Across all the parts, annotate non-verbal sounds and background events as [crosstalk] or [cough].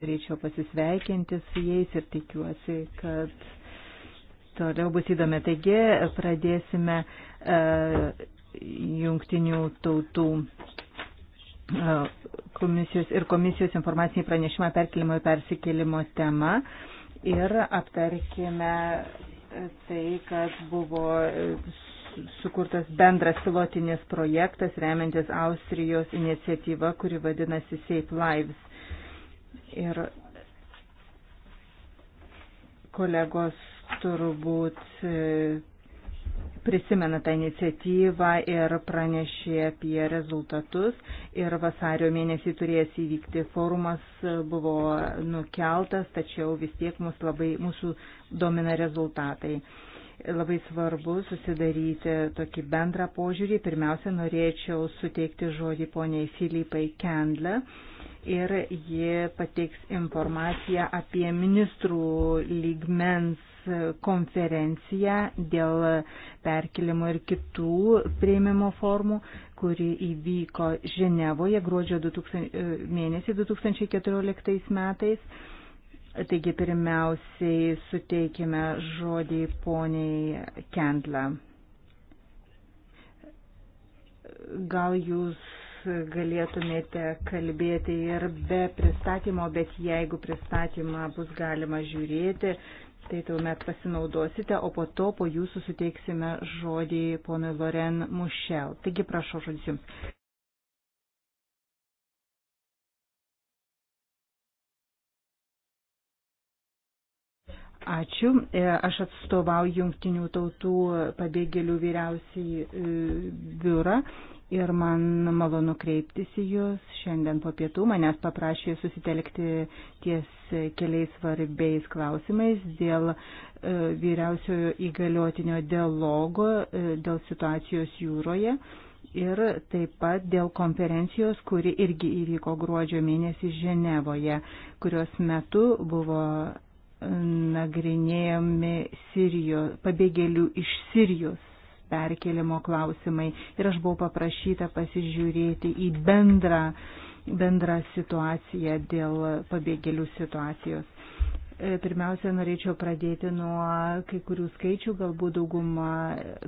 Reičiau pasisveikinti su jais ir tikiuosi, kad toliau bus įdomi. Taigi pradėsime uh, jungtinių tautų uh, komisijos ir komisijos informacinį pranešimą perkelimo ir persikėlimo tema ir aptarkime tai, kas buvo sukurtas bendras pilotinis projektas remiantis Austrijos iniciatyva, kuri vadinasi Safe Lives. Ir kolegos turbūt e, prisimena tą iniciatyvą ir pranešė apie rezultatus. Ir vasario mėnesį turėjęs įvykti forumas e, buvo nukeltas, tačiau vis tiek mus labai, mūsų domina rezultatai labai svarbu susidaryti tokį bendrą požiūrį. Pirmiausia, norėčiau suteikti žodį poniai Filipai Kendle ir ji pateiks informaciją apie ministrų lygmens konferenciją dėl perkelimo ir kitų prieimimo formų, kuri įvyko Ženevoje gruodžio 2000, mėnesį 2014 metais Taigi pirmiausiai suteikime žodį poniai Kendlą. Gal jūs galėtumėte kalbėti ir be pristatymo, bet jeigu pristatymą bus galima žiūrėti, tai tuomet pasinaudosite, o po to po jūsų suteiksime žodį ponui Loren Mušel. Taigi prašau žodžius jums. Ačiū. E, aš atstovauju Junktinių tautų pabėgėlių vyriausiai e, biurą ir man malonu kreiptis į Jūs. Šiandien po pietų manęs paprašė susitelkti ties keliais svarbiais klausimais dėl e, vyriausiojo įgaliotinio dialogo, dėl situacijos jūroje ir taip pat dėl konferencijos, kuri irgi įvyko gruodžio mėnesį Ženevoje, kurios metu buvo nagrinėjami Sirijo, pabėgėlių iš Sirijos perkelimo klausimai ir aš buvau paprašyta pasižiūrėti į bendrą, bendrą situaciją dėl pabėgėlių situacijos. E, pirmiausia, norėčiau pradėti nuo kai kurių skaičių, galbūt dauguma,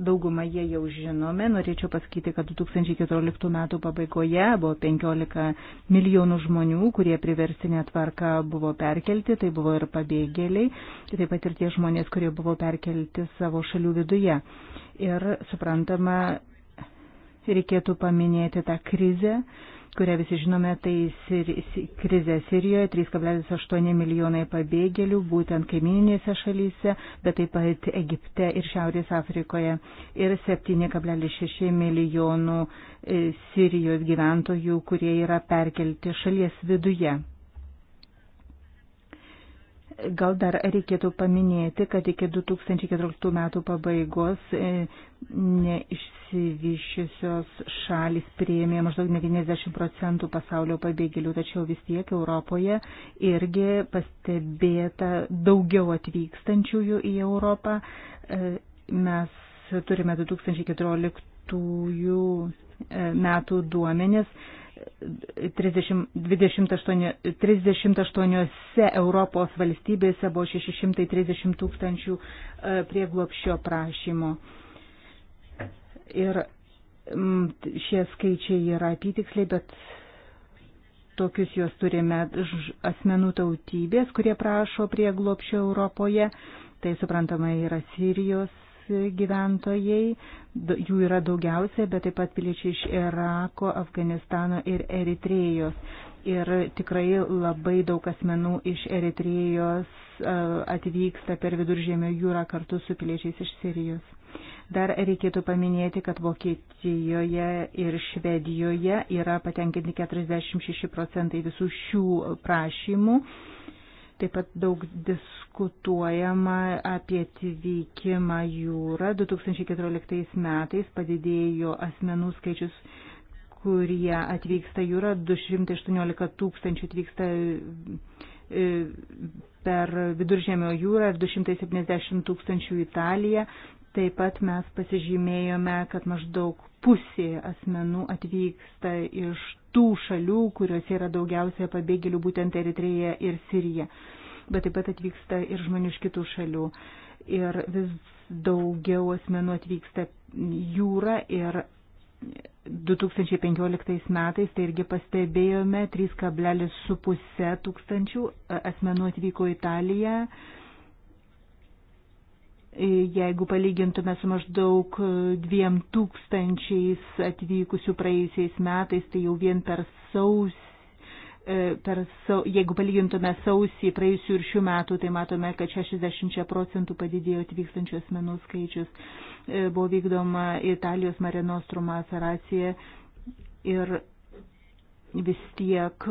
dauguma jie jau žinome. Norėčiau pasakyti, kad 2014 metų pabaigoje buvo 15 milijonų žmonių, kurie priversinė tvarka buvo perkelti, tai buvo ir pabėgėliai, tai taip pat ir tie žmonės, kurie buvo perkelti savo šalių viduje. Ir suprantama, reikėtų paminėti tą krizę kurią visi žinome, tai sir, krizė Sirijoje, 3,8 milijonai pabėgėlių, būtent kaimininėse šalyse, bet taip pat Egipte ir Šiaurės Afrikoje ir 7,6 milijonų e, Sirijos gyventojų, kurie yra perkelti šalies viduje. Gal dar reikėtų paminėti, kad iki 2014 metų pabaigos e, neišsivyščiusios šalis prieimė maždaug 90 procentų pasaulio pabėgėlių, tačiau vis tiek Europoje irgi pastebėta daugiau atvykstančiųjų į Europą. E, mes turime 2014 metų duomenis 30, 28, 38 Europos valstybėse buvo 630 tūkstančių e, prieglopščio prašymo. Ir šie skaičiai yra apytiksliai, bet tokius juos turime asmenų tautybės, kurie prašo prieglopščio Europoje. Tai suprantama yra Sirijos, gyventojai, jų yra daugiausia, bet taip pat piliečiai iš Irako, Afganistano ir Eritrėjos. Ir tikrai labai daug asmenų iš Eritrėjos e, atvyksta per viduržėmio jūrą kartu su piliečiais iš Sirijos. Dar reikėtų paminėti, kad Vokietijoje ir Švedijoje yra patenkinti 46 procentai visų šių prašymų Taip pat daug diskutuojama apie atvykimą jūrą. 2014 metais padidėjo asmenų skaičius, kurie atvyksta jūrą. 218 tūkstančių atvyksta e, per Viduržėmio jūrą ir 270 tūkstančių Italiją. Taip pat mes pasižymėjome, kad maždaug pusė asmenų atvyksta iš tų šalių, kuriuose yra daugiausia pabėgėlių, būtent Eritreja ir Sirija. Bet taip pat atvyksta ir žmonių iš kitų šalių. Ir vis daugiau asmenų atvyksta jūra ir 2015 metais, tai irgi pastebėjome, 3,5 tūkstančių e, asmenų atvyko į Italiją jeigu palygintume su maždaug dviem tūkstančiais atvykusių praėjusiais metais, tai jau vien per sausį. E, per, jeigu palygintume sausį praėjusių ir šių metų, tai matome, kad 60 procentų padidėjo atvykstančių asmenų skaičius. E, buvo vykdoma Italijos Marinostrum operacija ir vis tiek,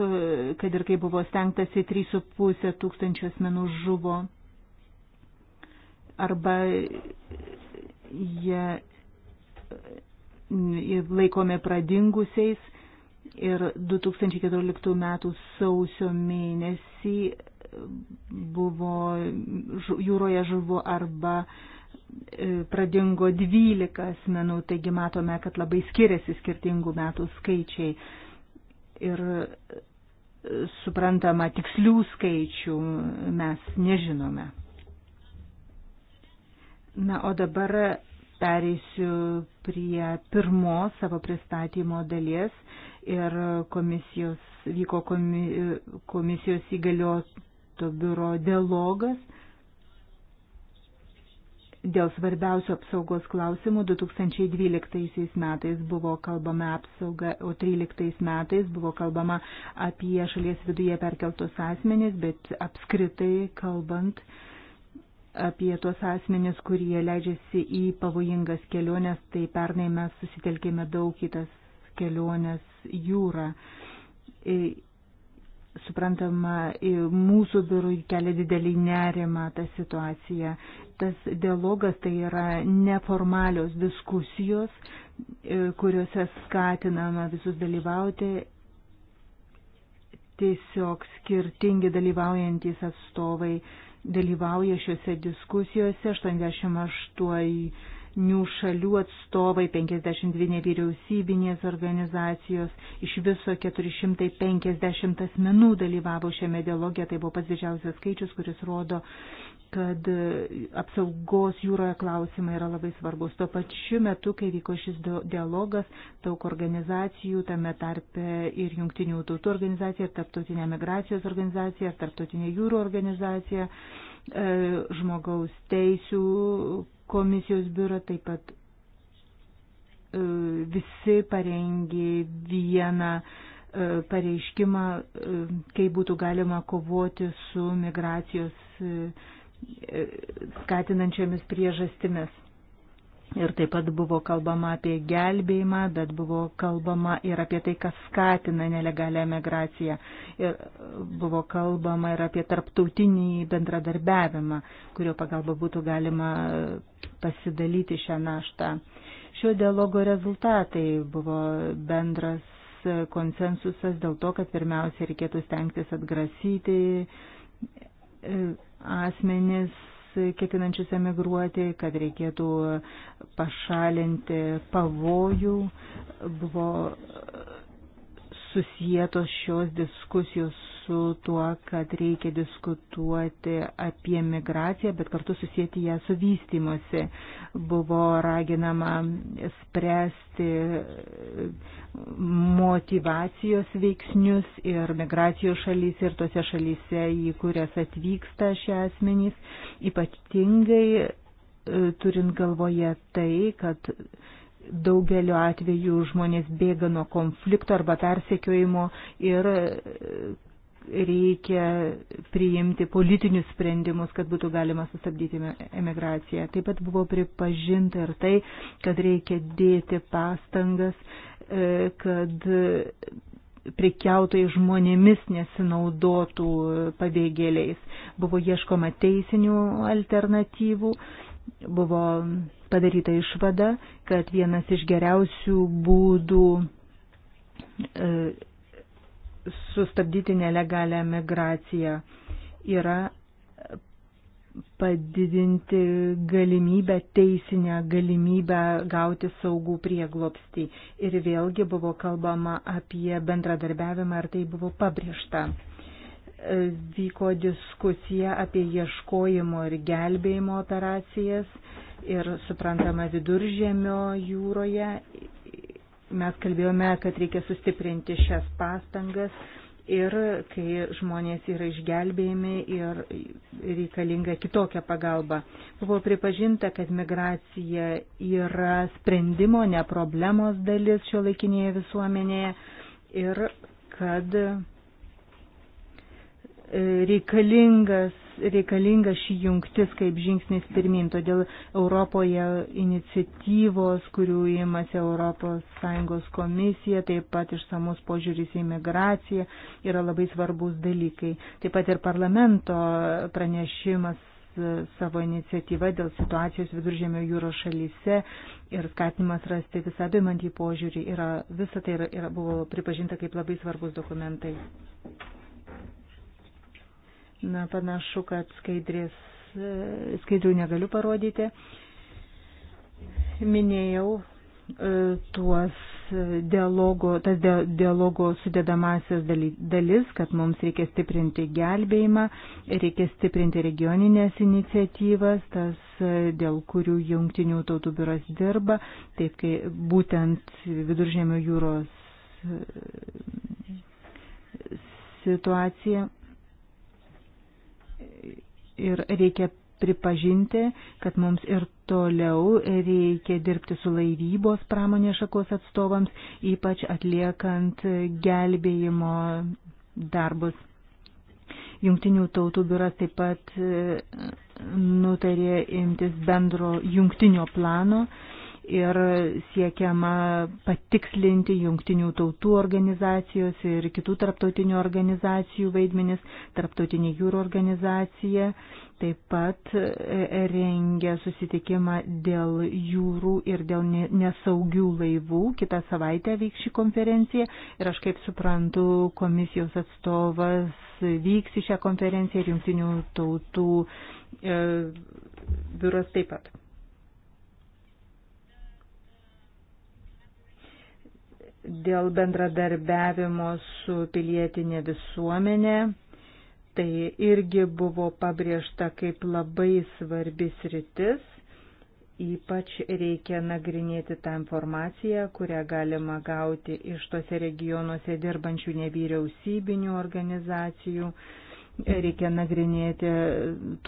kad ir kaip buvo stengtasi, 3,5 tūkstančių asmenų žuvo arba jie laikomi pradingusiais ir 2014 m. sausio mėnesį buvo jūroje žuvo arba e, pradingo 12 asmenų, taigi matome, kad labai skiriasi skirtingų metų skaičiai. Ir e, suprantama, tikslių skaičių mes nežinome. Na, o dabar pereisiu prie pirmos savo pristatymo dalies ir komisijos, vyko komi, komisijos įgalioto biuro dialogas dėl svarbiausio apsaugos klausimų 2012 metais buvo kalbama apsauga, o 2013 metais buvo kalbama apie šalies viduje perkeltos asmenys, bet apskritai kalbant, uh, apie tuos asmenis, kurie leidžiasi į pavojingas keliones, tai pernai mes susitelkėme daug į tas keliones jūrą. Suprantama, mūsų biurui kelia didelį nerimą ta situacija. Tas dialogas tai yra neformalios diskusijos, kuriuose skatinama visus dalyvauti. Tiesiog skirtingi dalyvaujantis atstovai dalyvauja šiuose diskusijose 88 šalių atstovai, 52 nevyriausybinės organizacijos, iš viso 450 asmenų dalyvavo šiame dialoge, tai buvo pats didžiausias skaičius, kuris rodo kad e, apsaugos jūroje klausimai yra labai svarbus. Tuo pačiu metu, kai vyko šis dialogas, daug organizacijų, tame tarpe ir Junktinių tautų organizacija, ir Tarptautinė migracijos organizacija, ir Tarptautinė jūrų organizacija, e, žmogaus teisų komisijos biuro taip pat e, visi parengė vieną pareiškimą, kaip būtų galima kovoti su migracijos E, skatinančiamis priežastimis. Ir taip pat buvo kalbama apie gelbėjimą, bet buvo kalbama ir apie tai, kas skatina nelegalią migraciją. Ir buvo kalbama ir apie tarptautinį bendradarbiavimą, kurio pagalba būtų galima pasidalyti šią naštą. Šio dialogo rezultatai buvo bendras konsensusas dėl to, kad pirmiausia reikėtų stengtis atgrasyti e, asmenis ketinančius emigruoti, kad reikėtų pašalinti pavojų. Buvo susijėtos šios diskusijos su tuo, kad reikia diskutuoti apie migraciją, bet kartu susijęti ją su vystimuose. Buvo raginama spręsti motivacijos veiksnius ir migracijos šalyse ir tose šalyse, į kurias atvyksta šie asmenys, ypatingai e, turint galvoje tai, kad daugeliu atveju žmonės bėga nuo konflikto arba persekiojimo ir e, reikia priimti politinius sprendimus, kad būtų galima sustabdyti emigraciją. Taip pat buvo pripažinta ir tai, kad reikia dėti pastangas, e, kad prikiautai žmonėmis nesinaudotų pabėgėliais. Buvo ieškoma teisinių alternatyvų, buvo padaryta išvada, kad vienas iš geriausių būdų e, sustabdyti nelegalią migraciją yra padidinti galimybę, teisinę galimybę gauti saugų prieglopstį. Ir vėlgi buvo kalbama apie bendradarbiavimą, ar tai buvo pabrėžta. E, vyko diskusija apie ieškojimo ir gelbėjimo operacijas ir suprantama viduržėmio jūroje Mes kalbėjome, kad reikia sustiprinti šias pastangas ir kai žmonės yra išgelbėjami ir reikalinga kitokia pagalba. Buvo pripažinta, kad migracija yra sprendimo, ne problemos dalis šio laikinėje visuomenėje ir kad e, reikalingas reikalinga šį jungtis kaip žingsnis pirmin, todėl Europoje iniciatyvos, kurių įmasi ES komisija, taip pat išsamus požiūris į migraciją yra labai svarbus dalykai. Taip pat ir parlamento pranešimas e, savo iniciatyva dėl situacijos viduržėmio jūros šalyse ir skatinimas rasti visą apimantį požiūrį yra, visą tai yra, yra, buvo pripažinta kaip labai svarbus dokumentai. Na, panašu, kad skaidrės, e, skaidrių negaliu parodyti. Minėjau e, tuos dialogo, tas dialogo sudėdamasias dalis, kad mums reikia stiprinti gelbėjimą, reikia stiprinti regioninės iniciatyvas, tas, e, dėl kurių jungtinių tautų biuras dirba, taip kaip būtent viduržėmio jūros situacija ir reikia pripažinti, kad mums ir toliau reikia dirbti su laivybos pramonės šakos atstovams, ypač atliekant gelbėjimo darbus. Jungtinių tautų biuras taip pat e, nutarė imtis bendro jungtinio plano ir siekiama patikslinti jungtinių tautų organizacijos ir kitų tarptautinių organizacijų vaidmenis, tarptautinė jūrų organizacija taip pat e, rengia susitikimą dėl jūrų ir dėl nesaugių laivų. Kitą savaitę vyks ši konferencija ir aš kaip suprantu, komisijos atstovas vyks į šią konferenciją ir jungtinių tautų e, biuras taip pat. dėl bendradarbiavimo su pilietinė visuomenė. Tai irgi buvo pabrėžta kaip labai svarbi sritis. Ypač reikia nagrinėti tą informaciją, kurią galima gauti iš tose regionuose dirbančių nevyriausybinių organizacijų. Reikia nagrinėti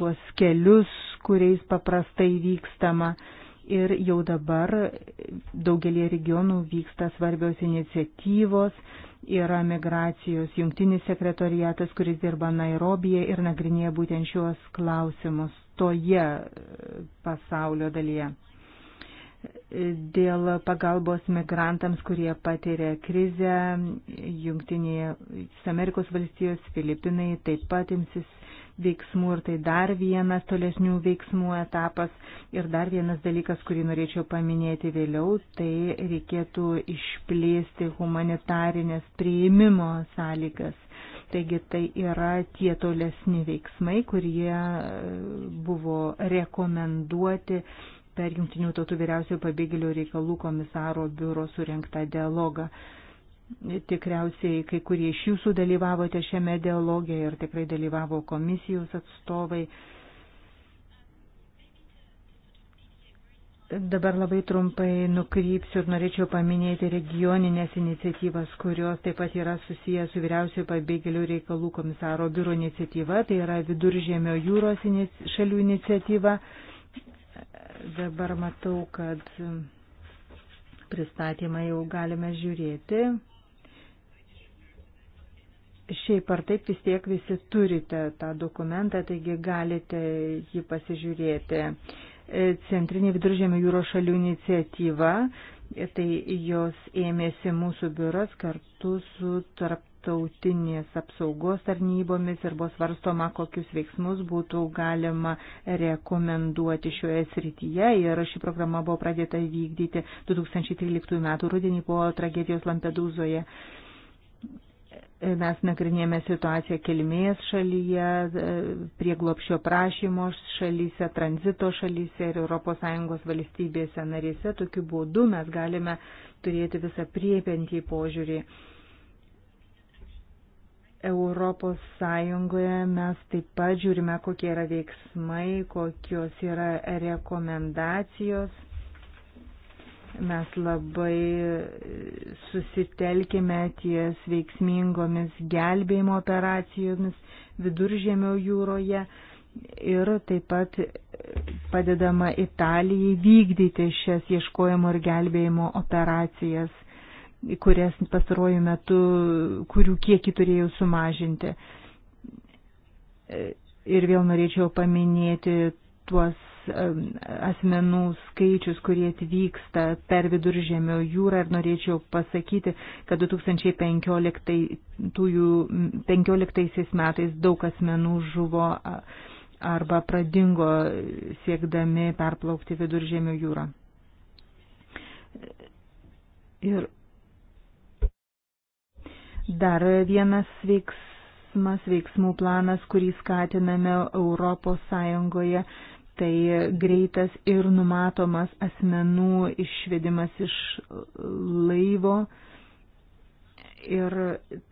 tuos kelius, kuriais paprastai vykstama ir jau dabar daugelie regionų vyksta svarbios iniciatyvos, yra migracijos jungtinis sekretoriatas, kuris dirba Nairobije ir nagrinėja būtent šios klausimus toje e, pasaulio dalyje. Dėl pagalbos migrantams, kurie patiria krizę, Junktinėje Amerikos valstijos, Filipinai taip pat imsis veiksmų ir tai dar vienas tolesnių veiksmų etapas. Ir dar vienas dalykas, kurį norėčiau paminėti vėliau, tai reikėtų išplėsti humanitarinės prieimimo sąlygas. Taigi tai yra tie tolesni veiksmai, kurie e, buvo rekomenduoti per Junktinių tautų vyriausiojo pabėgėlių reikalų komisaro biuro surinktą dialogą. Tikriausiai kai kurie iš jūsų dalyvavote šiame dialoge ir tikrai dalyvavo komisijos atstovai. Dabar labai trumpai nukrypsiu ir norėčiau paminėti regioninės iniciatyvas, kurios taip pat yra susijęs su vyriausiojo pabėgėlių reikalų komisaro biuro iniciatyva, tai yra viduržėmio jūros šalių iniciatyva. Dabar matau, kad pristatymą jau galime žiūrėti. Šiaip ar taip vis tiek visi turite tą dokumentą, taigi galite jį pasižiūrėti. E, Centrinė viduržėmio jūros šalių iniciatyva, e, tai jos ėmėsi mūsų biuras kartu su tarptautinės apsaugos tarnybomis ir buvo svarstoma, kokius veiksmus būtų galima rekomenduoti šioje srityje ir ši programa buvo pradėta vykdyti 2013 m. rudenį po tragedijos Lampedūzoje. Mes nagrinėjame situaciją kilmės šalyje, e, prieglopšio prašymo šalyse, tranzito šalyse ir ES valstybėse narėse. Tokiu būdu mes galime turėti visą priepentį požiūrį. Europos Sąjungoje mes taip pat žiūrime, kokie yra veiksmai, kokios yra rekomendacijos mes labai susitelkime ties veiksmingomis gelbėjimo operacijomis viduržėmio jūroje ir taip pat padedama Italijai vykdyti šias ieškojimo ir gelbėjimo operacijas, kurias pastaruoju metu, kurių kiekį turėjau sumažinti. Ir vėl norėčiau paminėti tuos asmenų skaičius, kurie atvyksta per viduržėmio jūrą ir norėčiau pasakyti, kad 2015 metais daug asmenų žuvo arba pradingo siekdami perplaukti viduržėmio jūrą. Ir dar vienas veiksmas, veiksmų planas, kurį skatiname Europos Sąjungoje, Tai greitas ir numatomas asmenų išvedimas iš laivo ir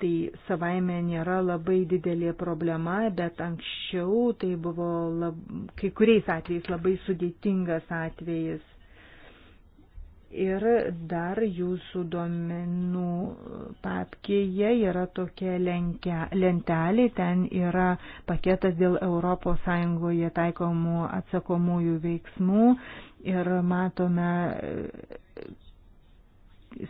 tai savaime nėra labai didelė problema, bet anksčiau tai buvo lab, kai kuriais atvejais labai sudėtingas atvejis Ir dar jūsų duomenų papkėje yra tokia lentelė, ten yra paketas dėl ES taikomų atsakomųjų veiksmų ir matome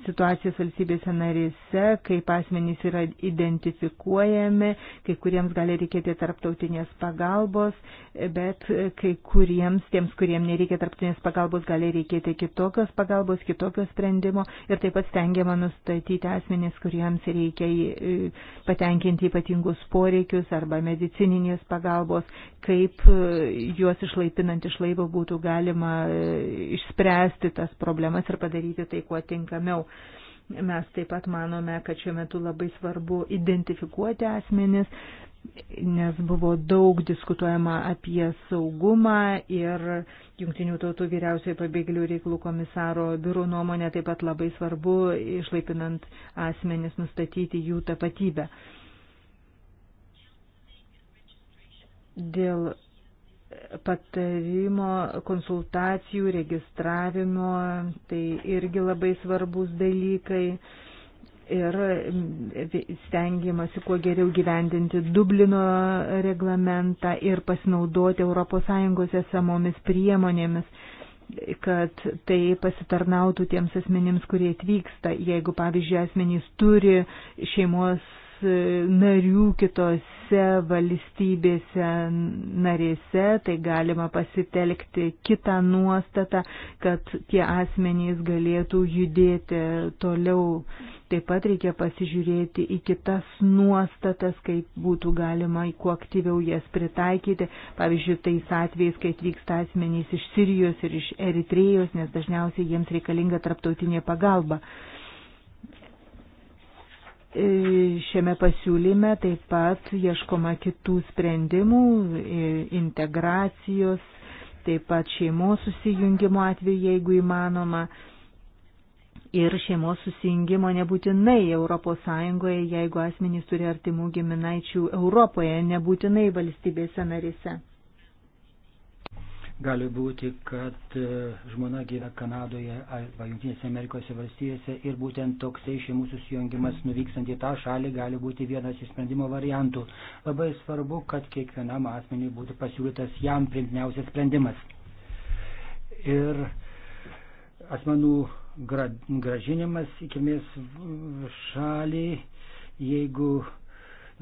situacijos valstybėse narėse, kaip asmenys yra identifikuojami, kai kuriems gali reikėti tarptautinės pagalbos, bet kai kuriems, tiems, kuriems nereikia tarptautinės pagalbos, gali reikėti kitokios pagalbos, kitokio sprendimo ir taip pat stengiama nustatyti asmenys, kuriems reikia patenkinti ypatingus poreikius arba medicininės pagalbos kaip e, juos išlaipinant iš laivo būtų galima e, išspręsti tas problemas ir padaryti tai kuo tinkamiau. Mes taip pat manome, kad šiuo metu labai svarbu identifikuoti asmenis, nes buvo daug diskutuojama apie saugumą ir Junktinių tautų vyriausiojo pabėgėlių reikalų komisaro biurų nuomonė taip pat labai svarbu išlaipinant asmenis nustatyti jų tapatybę. dėl patarimo, konsultacijų, registravimo, tai irgi labai svarbus dalykai. Ir stengiamasi kuo geriau gyvendinti Dublino reglamentą ir pasinaudoti ES esamomis priemonėmis, kad tai pasitarnautų tiems asmenims, kurie atvyksta. Jeigu, pavyzdžiui, asmenys turi šeimos narių kitose valstybėse narėse, tai galima pasitelkti kitą nuostatą, kad tie asmenys galėtų judėti toliau. Taip pat reikia pasižiūrėti į kitas nuostatas, kaip būtų galima kuo aktyviau jas pritaikyti. Pavyzdžiui, tais atvejais, kai atvyksta asmenys iš Sirijos ir iš Eritrėjos, nes dažniausiai jiems reikalinga tarptautinė pagalba. E, šiame pasiūlyme taip pat ieškoma kitų sprendimų, e, integracijos, taip pat šeimos susijungimo atveju, jeigu įmanoma. Ir šeimos susijungimo nebūtinai ES, jeigu asmenys turi artimų giminaičių Europoje, nebūtinai valstybėse narise. Gali būti, kad e, žmona gyvena Kanadoje arba Junktinėse Amerikos valstijose ir būtent toksai šeimų susijungimas nuvykstant į tą šalį gali būti vienas iš sprendimo variantų. Labai svarbu, kad kiekvienam asmeniui būtų pasiūlytas jam primtiniausias sprendimas. Ir asmenų gražinimas į kilmės šalį, jeigu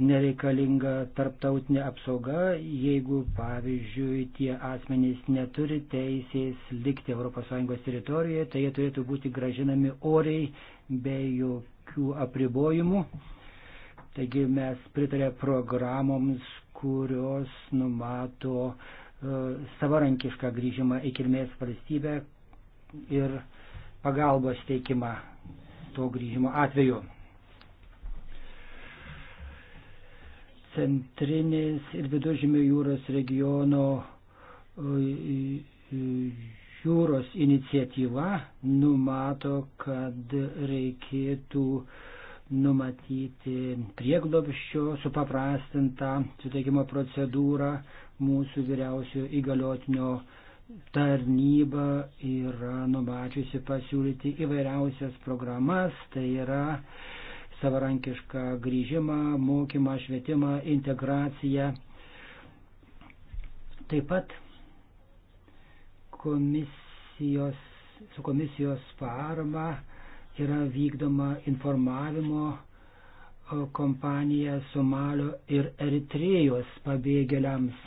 nereikalinga tarptautinė apsauga, jeigu, pavyzdžiui, tie asmenys neturi teisės likti ES teritorijoje, tai jie turėtų būti gražinami oriai be jokių apribojimų. Taigi mes pritarė programoms, kurios numato uh, savarankišką grįžimą į kilmės valstybę ir pagalbos teikimą to grįžimo atveju. centrinės ir viduržymio jūros regiono jūros iniciatyva numato, kad reikėtų numatyti prieglobščio supaprastintą suteikimo procedūrą. Mūsų vyriausio įgaliotinio tarnyba yra numačiusi pasiūlyti įvairiausias programas, tai yra uh, savarankišką grįžimą, mokymą, švietimą, integraciją. Taip pat komisijos, su komisijos parama yra vykdoma informavimo kompanija Somalio ir Eritrėjos pabėgėliams.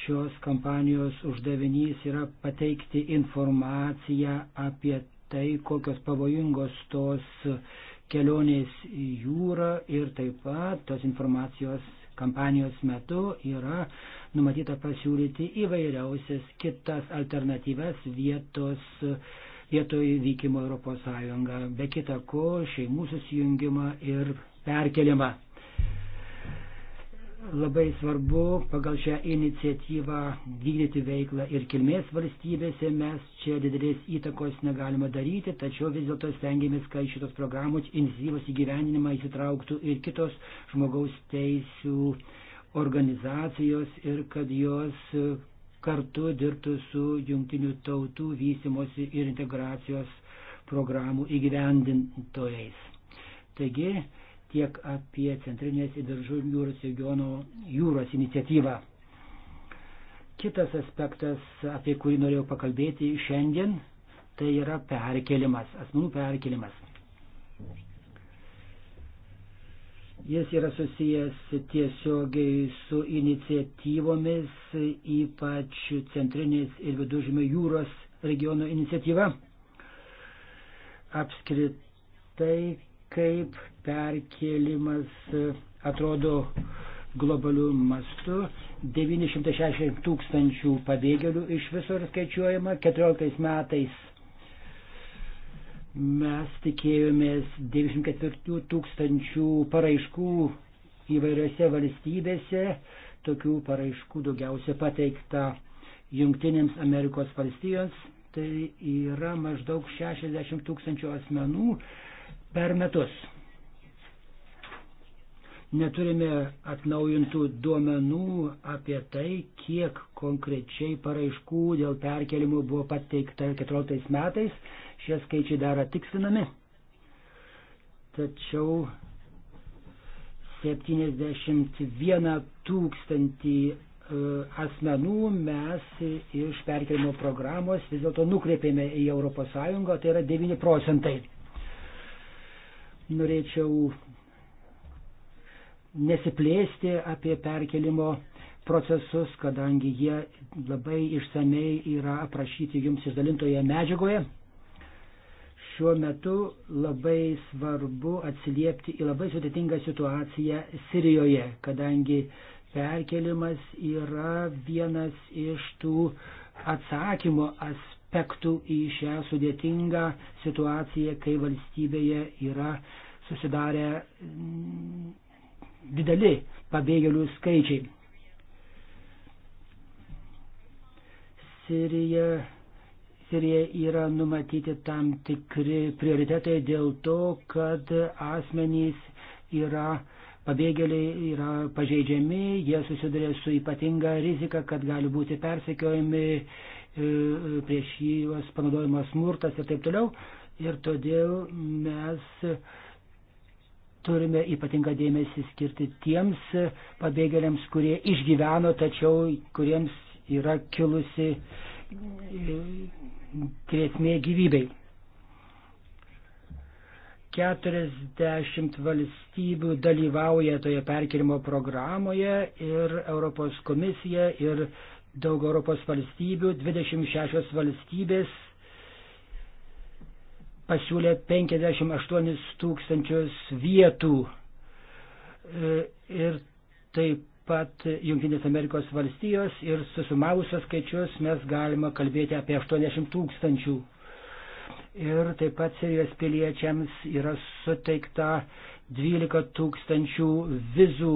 Šios kompanijos uždavinys yra pateikti informaciją apie tai, kokios pavojingos tos uh, kelionės į jūrą ir taip pat tos informacijos kampanijos metu yra numatyta pasiūlyti įvairiausias kitas alternatyvas vietos, vietoj vykimo ES, be kita ko šeimų susijungimą ir perkelimą labai svarbu pagal šią iniciatyvą vykdyti veiklą ir kilmės valstybėse. Mes čia didelės įtakos negalime daryti, tačiau vis dėlto stengiamės, kad šitos programos iniciatyvos įgyvendinimą įsitrauktų ir kitos žmogaus teisų organizacijos ir kad jos kartu dirbtų su jungtinių tautų vystimosi ir integracijos programų įgyvendintojais. Taigi, tiek apie Centrinės ir Viržų jūros regiono jūros iniciatyvą. Kitas aspektas, apie kurį norėjau pakalbėti šiandien, tai yra perkelimas, asmenų perkelimas. Jis yra susijęs tiesiogiai su iniciatyvomis, ypač centrinės ir viduržymio jūros regiono iniciatyva. Apskritai kaip perkėlimas e, atrodo globalių mastų. 960 tūkstančių pabėgėlių iš visur skaičiuojama. 14 metais mes tikėjomės 94 tūkstančių paraiškų įvairiose valstybėse. Tokių paraiškų daugiausia pateikta Junktinėms Amerikos valstijoms. Tai yra maždaug 60 tūkstančių asmenų, per metus. Neturime atnaujintų duomenų apie tai, kiek konkrečiai paraiškų dėl perkelimų buvo pateikta 14 metais. Šie skaičiai dar atikslinami. Tačiau 71 tūkstantį e, asmenų mes iš perkelimo programos vis dėlto nukreipėme į ES, tai yra 9 procentai norėčiau nesiplėsti apie perkelimo procesus, kadangi jie labai išsamei yra aprašyti jums išdalintoje medžiagoje. Šiuo metu labai svarbu atsiliepti į labai sudėtingą situaciją Sirijoje, kadangi perkelimas yra vienas iš tų atsakymo aspektų aspektų į šią sudėtingą situaciją, kai valstybėje yra susidarę mm, dideli pabėgėlių skaičiai. Sirija, Sirija yra numatyti tam tikri prioritetai dėl to, kad asmenys yra pabėgėliai yra pažeidžiami, jie susiduria su ypatinga rizika, kad gali būti persekiojami, E, prieš jį juos panaudojamas smurtas ir taip toliau. Ir todėl mes turime ypatingą dėmesį skirti tiems pabėgėliams, kurie išgyveno, tačiau kuriems yra kilusi e, grėsmė gyvybei. 40 valstybių dalyvauja toje perkirimo programoje ir Europos komisija ir daug Europos valstybių, 26 valstybės pasiūlė 58 tūkstančius vietų e, ir taip pat Junktinės Amerikos valstijos ir susumavusios skaičius mes galima kalbėti apie 80 tūkstančių. Ir taip pat Sirijos piliečiams yra suteikta 12 tūkstančių vizų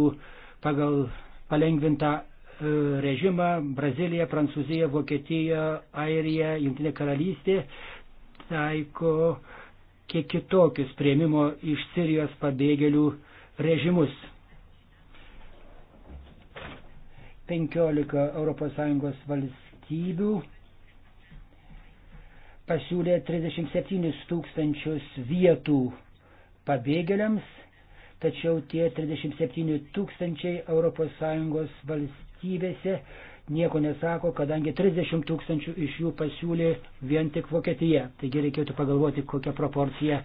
pagal palengvintą režimą Brazilija, Prancūzija, Vokietija, Airija, Junktinė karalystė taiko kiek kitokius prieimimo iš Sirijos pabėgėlių režimus. 15 ES valstybių pasiūlė 37 tūkstančius vietų pabėgėliams, tačiau tie 37 tūkstančiai ES valstybių valstybėse nieko nesako, kadangi 30 tūkstančių iš jų pasiūlė vien tik Vokietija. Taigi reikėtų pagalvoti, kokia proporcija,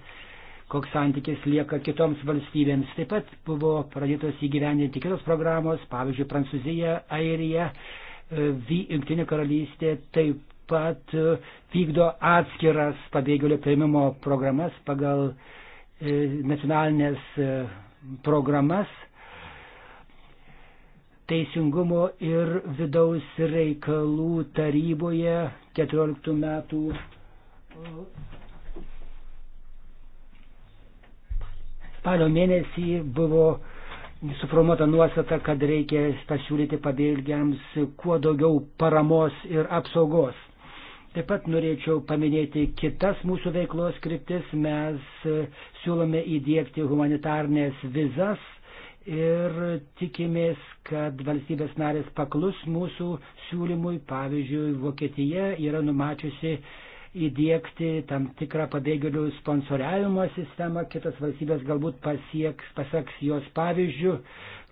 koks santykis lieka kitoms valstybėms. Taip pat buvo pradėtos įgyvendinti kitos programos, pavyzdžiui, Prancūzija, Airija, e, Junktinė karalystė taip pat e, vykdo atskiras pabėgėlių prieimimo programas pagal e, nacionalinės programas Teisingumo ir vidaus reikalų taryboje 14 metų spalio mėnesį buvo suformuota nuostata, kad reikia pasiūlyti pabėgėliams kuo daugiau paramos ir apsaugos. Taip pat norėčiau paminėti kitas mūsų veiklos kryptis. Mes siūlome įdėkti humanitarnės vizas ir tikimės, kad valstybės narės paklus mūsų siūlymui. Pavyzdžiui, Vokietija yra numačiusi įdėkti tam tikrą pabėgėlių sponsoriavimo sistemą, kitos valstybės galbūt pasieks, pasaks jos pavyzdžių.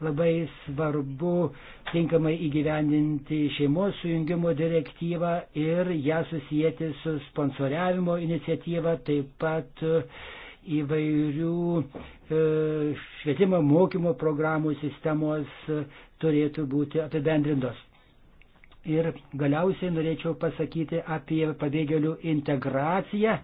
Labai svarbu tinkamai įgyvendinti šeimos sujungimo direktyvą ir ją susijęti su sponsoriavimo iniciatyva, taip pat uh, įvairių e, švietimo mokymo programų sistemos e, turėtų būti apibendrintos. Ir galiausiai norėčiau pasakyti apie pabėgėlių integraciją.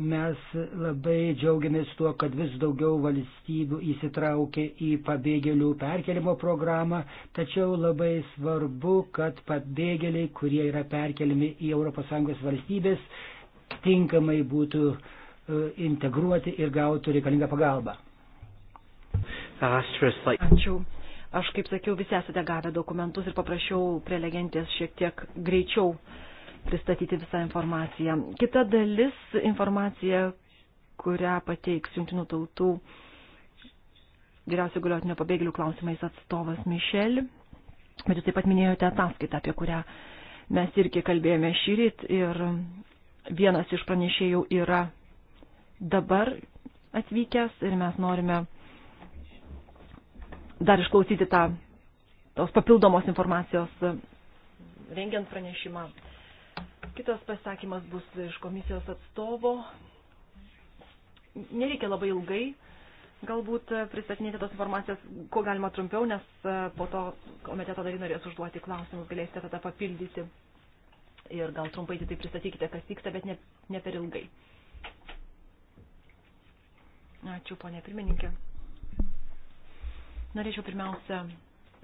Mes labai džiaugiamės tuo, kad vis daugiau valstybių įsitraukia į pabėgėlių perkelimo programą, tačiau labai svarbu, kad pabėgėliai, kurie yra perkeliami į ES valstybės, tinkamai būtų uh, E, integruoti ir gauti reikalingą pagalbą. Ačiū. Aš, kaip sakiau, visi esate gavę dokumentus ir paprašiau prelegentės šiek tiek greičiau pristatyti visą informaciją. Kita dalis informacija, kurią pateiks Junktinių tautų vyriausių galiotinio pabėgėlių klausimais atstovas Mišel. Bet jūs taip pat minėjote ataskaitą, apie kurią mes irgi kalbėjome šį ryt ir vienas iš pranešėjų yra dabar atvykęs ir mes norime dar išklausyti tą, tos papildomos informacijos e, rengiant pranešimą. Kitas pasakymas bus iš komisijos atstovo. Nereikia labai ilgai galbūt pristatinėti tos informacijos, ko galima trumpiau, nes e, po to komiteto dar norės užduoti klausimus, galėsite tada papildyti ir gal trumpai tai pristatykite, kas vyksta, bet ne, ne per ilgai. Ačiū, ponė pirmininkė. Norėčiau pirmiausia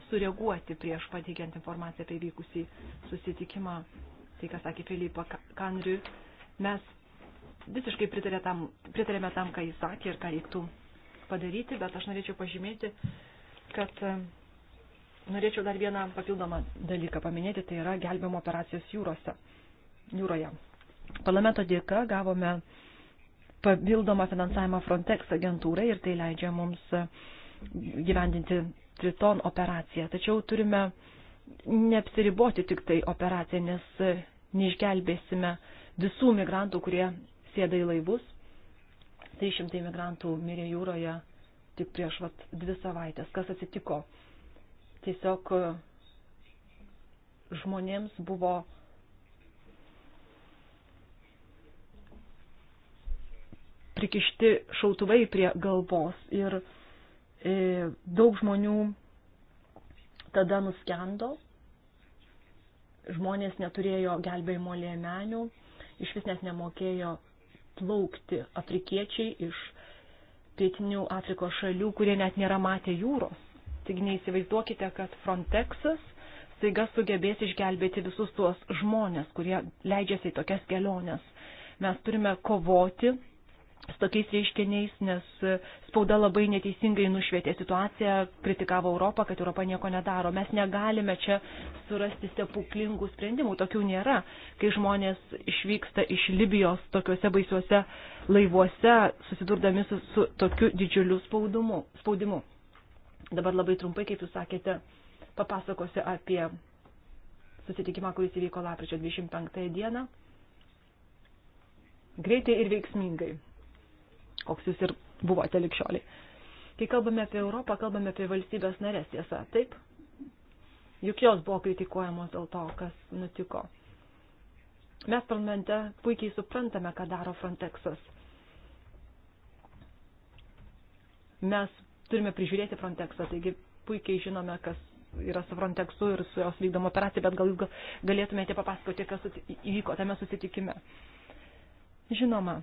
sureaguoti prieš pateikiant informaciją apie vykusį susitikimą. Tai, ką sakė Filipa Kanriu, mes visiškai pritarė tam, pritarėme tam, ką jis sakė ir ką reiktų padaryti, bet aš norėčiau pažymėti, kad e, norėčiau dar vieną papildomą dalyką paminėti, tai yra gelbėjimo operacijos jūrose, jūroje. Parlamento dėka gavome papildomą finansavimą Frontex agentūrai ir tai leidžia mums gyvendinti Triton operaciją. Tačiau turime neapsiriboti tik tai operaciją, nes neišgelbėsime visų migrantų, kurie sėda į laivus. 300 migrantų mirė jūroje tik prieš vat, dvi savaitės. Kas atsitiko? Tiesiog žmonėms buvo prikišti šautuvai prie galvos ir e, daug žmonių tada nuskendo, žmonės neturėjo gelbėjimo lėmenių, iš vis net nemokėjo plaukti afrikiečiai iš pietinių Afrikos šalių, kurie net nėra matę jūros. Taigi neįsivaizduokite, kad Frontexas staiga sugebės išgelbėti visus tuos žmonės, kurie leidžiasi į tokias keliones. Mes turime kovoti su tokiais reiškiniais, nes e, spauda labai neteisingai nušvietė situaciją, kritikavo Europą, kad Europa nieko nedaro. Mes negalime čia surasti stebuklingų sprendimų, tokių nėra. Kai žmonės išvyksta iš Libijos tokiuose baisiuose laivuose, susidurdami su, su tokiu didžiuliu spaudumu, spaudimu. Dabar labai trumpai, kaip jūs sakėte, papasakosiu apie susitikimą, kuris įvyko lapkričio 25 dieną. Greitai ir veiksmingai koks jūs ir buvote likščioliai. Kai kalbame apie Europą, kalbame apie valstybės narės, tiesa, taip? Juk jos buvo kritikuojamos dėl to, kas nutiko. Mes parlamente puikiai suprantame, ką daro Frontexas. Mes turime prižiūrėti Frontexą, taigi puikiai žinome, kas yra su Frontexu ir su jos vykdoma operacija, bet gal jūs galėtumėte papasakoti, kas įvyko tame susitikime. Žinoma,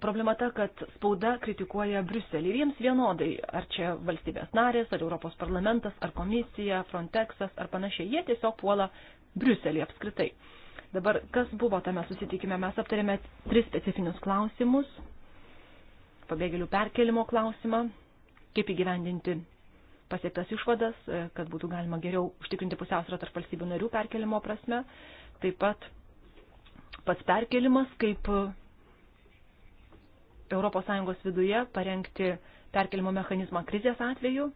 problema ta, kad spauda kritikuoja Briuselį ir jiems vienodai, ar čia valstybės narės, ar Europos parlamentas, ar komisija, Frontexas, ar panašiai, jie tiesiog puola Briuselį apskritai. Dabar, kas buvo tame susitikime, mes aptarėme tris specifinius klausimus, pabėgėlių perkelimo klausimą, kaip įgyvendinti pasiektas išvadas, kad būtų galima geriau užtikrinti pusiausvyrą tarp valstybių narių perkelimo prasme, taip pat pats perkelimas kaip ES viduje parengti perkelimo mechanizmą krizės atveju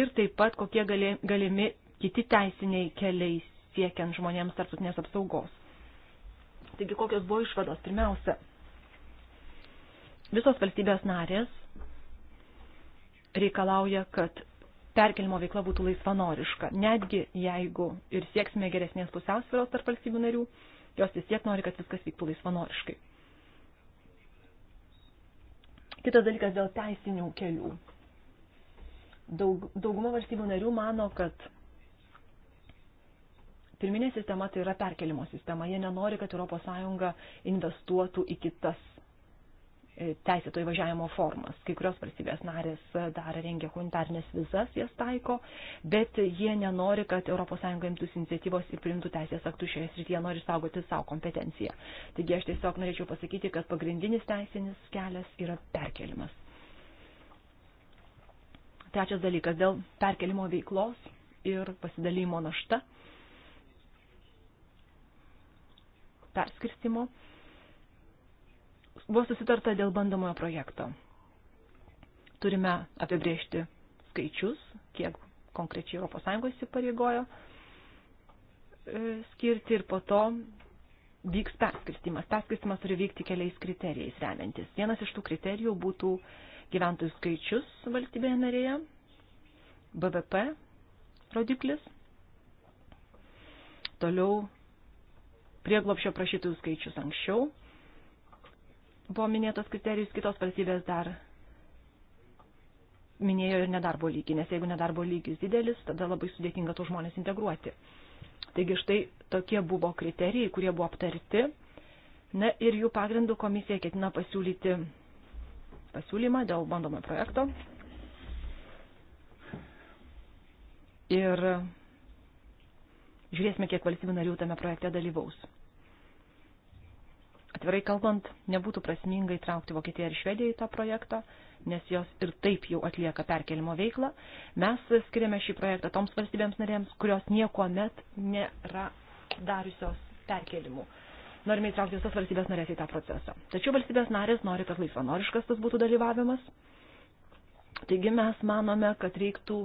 ir taip pat kokie galimi kiti teisiniai keliai siekiant žmonėms tarptautinės apsaugos. Taigi kokios buvo išvados? Pirmiausia, visos valstybės narės reikalauja, kad perkelimo veikla būtų laisvanoriška. Netgi jeigu ir sieksime geresnės pusiausvėros tarp valstybių narių, jos vis tiek nori, kad viskas vyktų laisvanoriškai. Kitas dalykas dėl teisinių kelių. Daug, dauguma valstybių narių mano, kad pirminė sistema tai yra perkelimo sistema. Jie nenori, kad ES investuotų į kitas teisėto įvažiavimo formas. Kai kurios valstybės narės e, dar rengia humanitarnės vizas, jas taiko, bet jie nenori, kad ES imtųsi iniciatyvos ir priimtų teisės aktų šioje srityje, nori saugoti savo kompetenciją. Taigi aš tiesiog norėčiau pasakyti, kad pagrindinis teisinis kelias yra perkelimas. Trečias dalykas dėl perkelimo veiklos ir pasidalymo našta, perskirstimo. Buvo susitarta dėl bandomojo projekto. Turime apibriežti skaičius, kiek konkrečiai ES įsipareigojo e, skirti ir po to vyks perskirstimas. Perskirstimas turi vykti keliais kriterijais remiantis. Vienas iš tų kriterijų būtų gyventojų skaičius valstybėje narėje, BVP rodiklis, toliau prieglopšio prašytojų skaičius anksčiau Buvo minėtas kriterijus kitos valstybės dar minėjo ir nedarbo lygį, nes jeigu nedarbo lygis didelis, tada labai sudėtinga tos žmonės integruoti. Taigi štai tokie buvo kriterijai, kurie buvo aptarti. Na ir jų pagrindų komisija ketina pasiūlyti pasiūlymą dėl bandomo projekto. Ir žiūrėsime, kiek valstybių narių tame projekte dalyvaus atvirai kalbant, nebūtų prasminga įtraukti Vokietiją ir Švediją į tą projektą, nes jos ir taip jau atlieka perkelimo veiklą. Mes skiriame šį projektą toms valstybėms narėms, kurios nieko met nėra dariusios perkelimų. Norime įtraukti visas valstybės narės į tą procesą. Tačiau valstybės narės nori, kad laisvanoriškas tas būtų dalyvavimas. Taigi mes manome, kad reiktų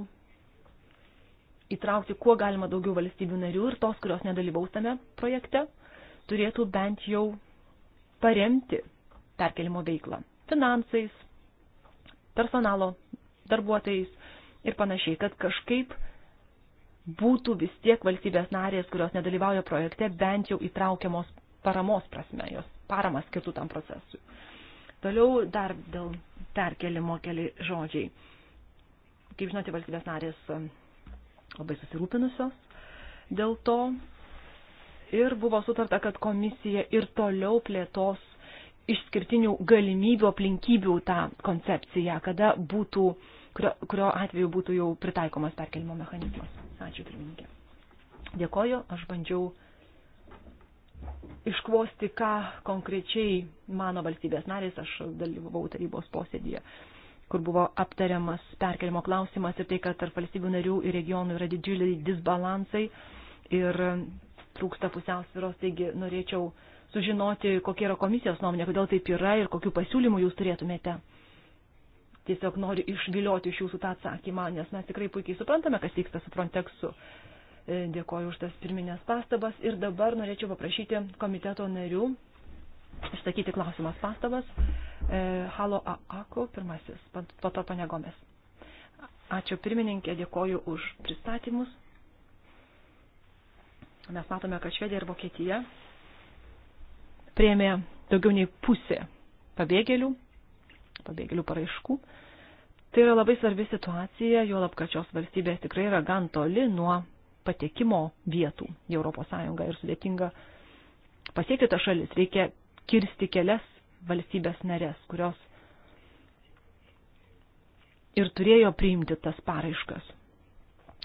įtraukti kuo galima daugiau valstybių narių ir tos, kurios nedalyvaus tame projekte, turėtų bent jau paremti perkelimo veiklą finansais, personalo darbuotojais ir panašiai, kad kažkaip būtų vis tiek valstybės narės, kurios nedalyvauja projekte, bent jau įtraukiamos paramos prasme, jos paramas skirtų tam procesui. Toliau dar dėl perkelimo keli žodžiai. Kaip žinote, valstybės narės um, labai susirūpinusios dėl to ir buvo sutarta, kad komisija ir toliau plėtos išskirtinių galimybių aplinkybių tą koncepciją, kada būtų, kurio, kurio atveju būtų jau pritaikomas perkelimo mechanizmas. Ačiū, pirmininkė. Dėkoju, aš bandžiau iškvosti, ką konkrečiai mano valstybės narės, aš dalyvavau tarybos posėdėje kur buvo aptariamas perkelimo klausimas ir tai, kad tarp valstybių narių ir regionų yra didžiuliai disbalansai ir trūksta pusiausvyros, taigi norėčiau sužinoti, kokia yra komisijos nuomonė, kodėl taip yra ir kokiu pasiūlymu jūs turėtumėte. Tiesiog noriu išvilioti iš jūsų tą atsakymą, nes mes tikrai puikiai suprantame, kas vyksta su Frontexu. E, dėkoju už tas pirminės pastabas ir dabar norėčiau paprašyti komiteto narių išsakyti klausimas pastabas. E, Halo Aako, pirmasis, po to pane Gomes. Ačiū pirmininkė, dėkoju už pristatymus. Mes matome, kad Švedija ir Vokietija prieėmė daugiau nei pusė pabėgėlių, pabėgėlių paraiškų. Tai yra labai svarbi situacija, jo lapkačios valstybės tikrai yra gan toli nuo patekimo vietų į ES ir sudėtinga pasiekti tą šalis. Reikia kirsti kelias valstybės narės, kurios ir turėjo priimti tas paraiškas.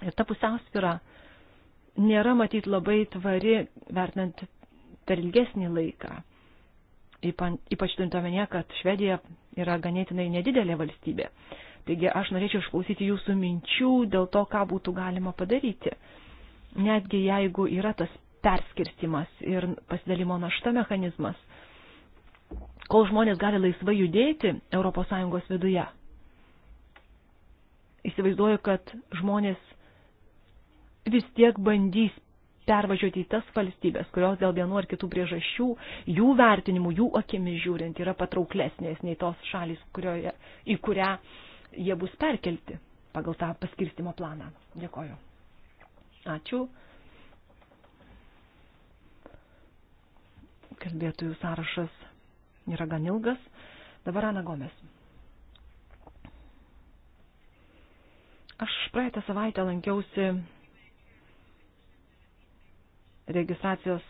Ir ta pusiausvyra nėra matyt labai tvari, vertinant per ilgesnį laiką. Ypač turint omenyje, kad Švedija yra ganėtinai nedidelė valstybė. Taigi aš norėčiau išklausyti jūsų minčių dėl to, ką būtų galima padaryti. Netgi jeigu yra tas perskirstimas ir pasidalimo našta mechanizmas, kol žmonės gali laisvai judėti ES viduje. Įsivaizduoju, kad žmonės vis tiek bandys pervažiuoti į tas valstybės, kurios dėl vienu ar kitų priežasčių, jų vertinimų, jų akimis žiūrint, yra patrauklesnės nei tos šalis, kurioje, į kurią jie bus perkelti pagal tą paskirstimo planą. Dėkoju. Ačiū. Kalbėtojų sąrašas yra gan ilgas. Dabar Ana Gomes. Aš praeitą savaitę lankiausi registracijos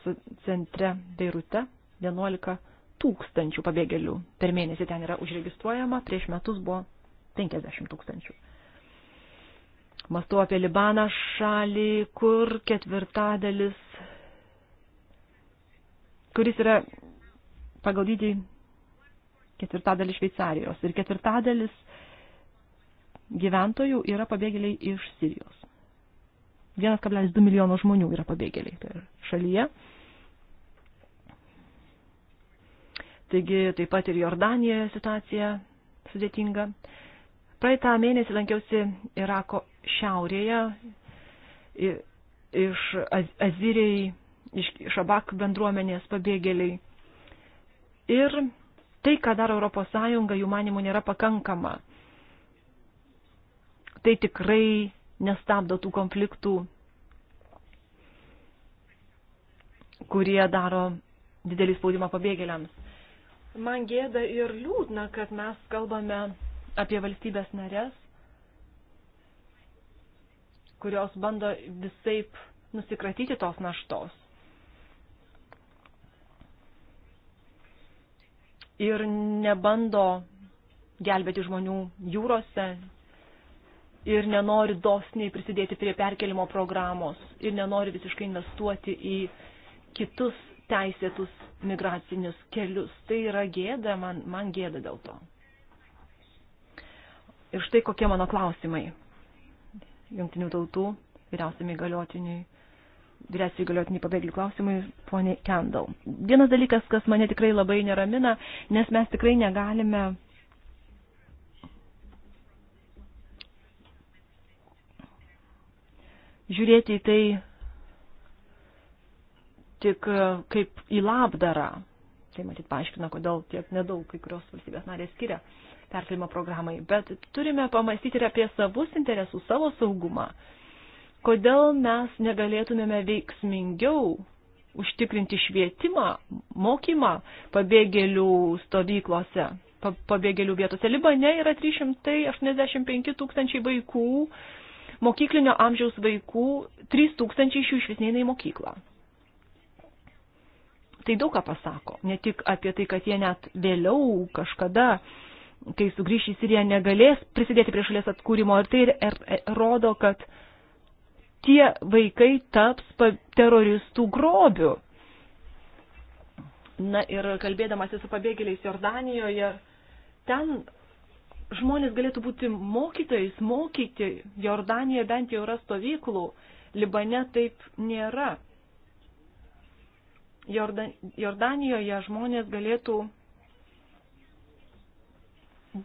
centre Beirute 11 tūkstančių pabėgėlių per mėnesį ten yra užregistruojama, prieš metus buvo 50 tūkstančių. Mastau apie Libaną šalį, kur ketvirtadalis, kuris yra pagal dydį ketvirtadalis Šveicarijos ir ketvirtadalis gyventojų yra pabėgėliai iš Sirijos. 1,2 milijono žmonių yra pabėgėliai tai šalyje. Taigi taip pat ir Jordanijoje situacija sudėtinga. Praeitą mėnesį lankiausi Irako šiaurėje iš Aziriai, iš Šabak bendruomenės pabėgėliai. Ir tai, ką daro Europos Sąjunga, jų manimų nėra pakankama. Tai tikrai nestabdo tų konfliktų, kurie daro didelį spaudimą pabėgėliams. Man gėda ir liūdna, kad mes kalbame apie valstybės narės, kurios bando visaip nusikratyti tos naštos. Ir nebando gelbėti žmonių jūrose, ir nenori dosniai prisidėti prie perkelimo programos ir nenori visiškai investuoti į kitus teisėtus migracinius kelius. Tai yra gėda, man, man gėda dėl to. Ir štai kokie mano klausimai. Jungtinių tautų vyriausiam įgaliotiniui, vyriausiai įgaliotiniai pabėgėlių klausimai, poniai Kendall. Vienas dalykas, kas mane tikrai labai neramina, nes mes tikrai negalime žiūrėti į tai tik e, kaip į labdarą. Tai matyt paaiškina, kodėl tiek nedaug kai kurios valstybės narės skiria perkelimo programai. Bet turime pamastyti ir apie savus interesus, savo saugumą. Kodėl mes negalėtumėme veiksmingiau užtikrinti švietimą, mokymą pabėgėlių stovyklose, pabėgėlių vietose. Libane yra 385 tūkstančiai vaikų, mokyklinio amžiaus vaikų 3000 iš jų iš vis neina į mokyklą. Tai daug ką pasako, ne tik apie tai, kad jie net vėliau kažkada, kai sugrįš į Siriją, negalės prisidėti prie šalies atkūrimo ir tai ir, ir, ir rodo, kad tie vaikai taps teroristų grobiu. Na ir kalbėdamasi su pabėgėliais Jordanijoje, ten žmonės galėtų būti mokytojais, mokyti. Jordanijoje bent jau yra stovyklų, Libane taip nėra. Jordan, Jordanijoje žmonės galėtų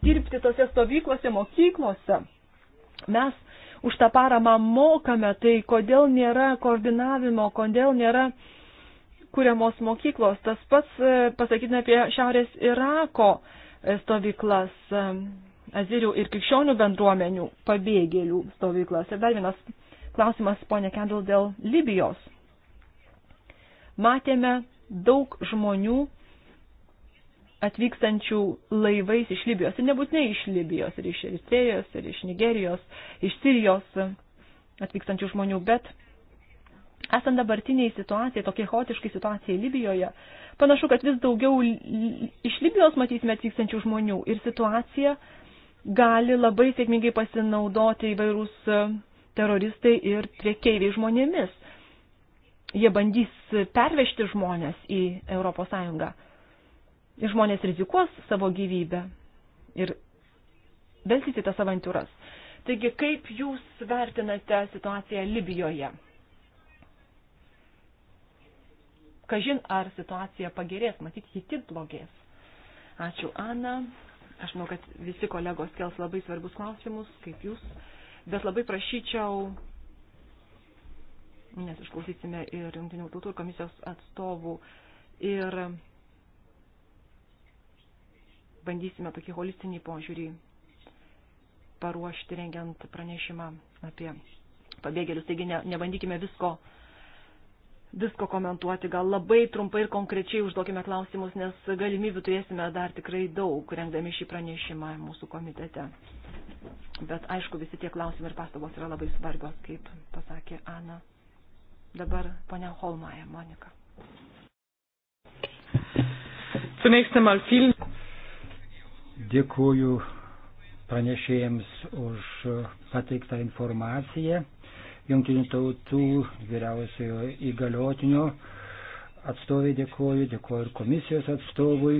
dirbti tose stovyklose, mokyklose. Mes už tą paramą mokame, tai kodėl nėra koordinavimo, kodėl nėra kuriamos mokyklos. Tas pats e, pasakytume apie Šiaurės Irako e, stovyklas azirių ir krikščionių bendruomenių pabėgėlių stovyklas. Ir dar vienas klausimas, ponė Kendall, dėl Libijos. Matėme daug žmonių atvykstančių laivais iš Libijos. Ir nebūtinai iš Libijos, ir iš Eritrėjos, ir iš Nigerijos, iš Sirijos atvykstančių žmonių, bet esant dabartiniai situacijai, tokiai chaotiškai situacijai Libijoje, panašu, kad vis daugiau iš Libijos matysime atvykstančių žmonių ir situacija uh, gali labai sėkmingai pasinaudoti įvairūs e, teroristai ir priekeiviai žmonėmis. Jie bandys pervežti žmonės į ES. Ir žmonės rizikuos savo gyvybę ir velsis į tas avantūras. Taigi, kaip jūs vertinate situaciją Libijoje? Kažin, ar situacija pagerės, matyti, ji tik blogės. Ačiū, Ana. Aš manau, kad visi kolegos kels labai svarbus klausimus, kaip jūs, bet labai prašyčiau, nes išklausysime ir Junktinių tautų ir komisijos atstovų ir bandysime tokį holistinį požiūrį paruošti rengiant pranešimą apie pabėgėlius. Taigi ne, nebandykime visko visko komentuoti, gal labai trumpai ir konkrečiai užduokime klausimus, nes galimybių turėsime dar tikrai daug, rengdami šį pranešimą mūsų komitete. Bet aišku, visi tie klausimai ir pastabos yra labai svarbios, kaip pasakė Ana. Dabar ponia Holmaja, Monika. Zunächst einmal vielen Dėkuoju pranešėjams už pateiktą informaciją jungtinių tautų vyriausiojo įgaliotinio atstovai dėkoju, dėkoju ir komisijos atstovui.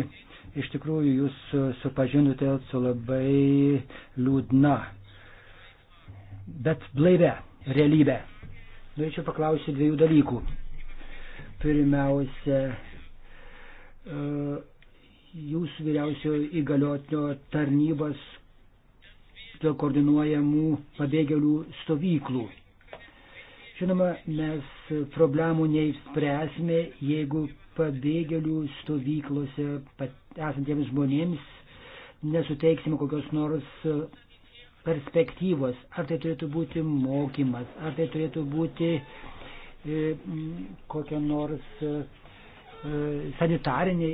Iš tikrųjų, jūs supažinote su labai liūdna, bet blaivę realybę. Norėčiau paklausti dviejų dalykų. Pirmiausia, e, jūsų vyriausio įgaliotinio tarnybos dėl koordinuojamų pabėgėlių stovyklų. Žinoma, mes problemų neišspręsime, jeigu pabėgėlių stovyklose esantiems žmonėms nesuteiksime kokios nors perspektyvos. Ar tai turėtų būti mokymas, ar tai turėtų būti e, kokia nors e, sanitarinė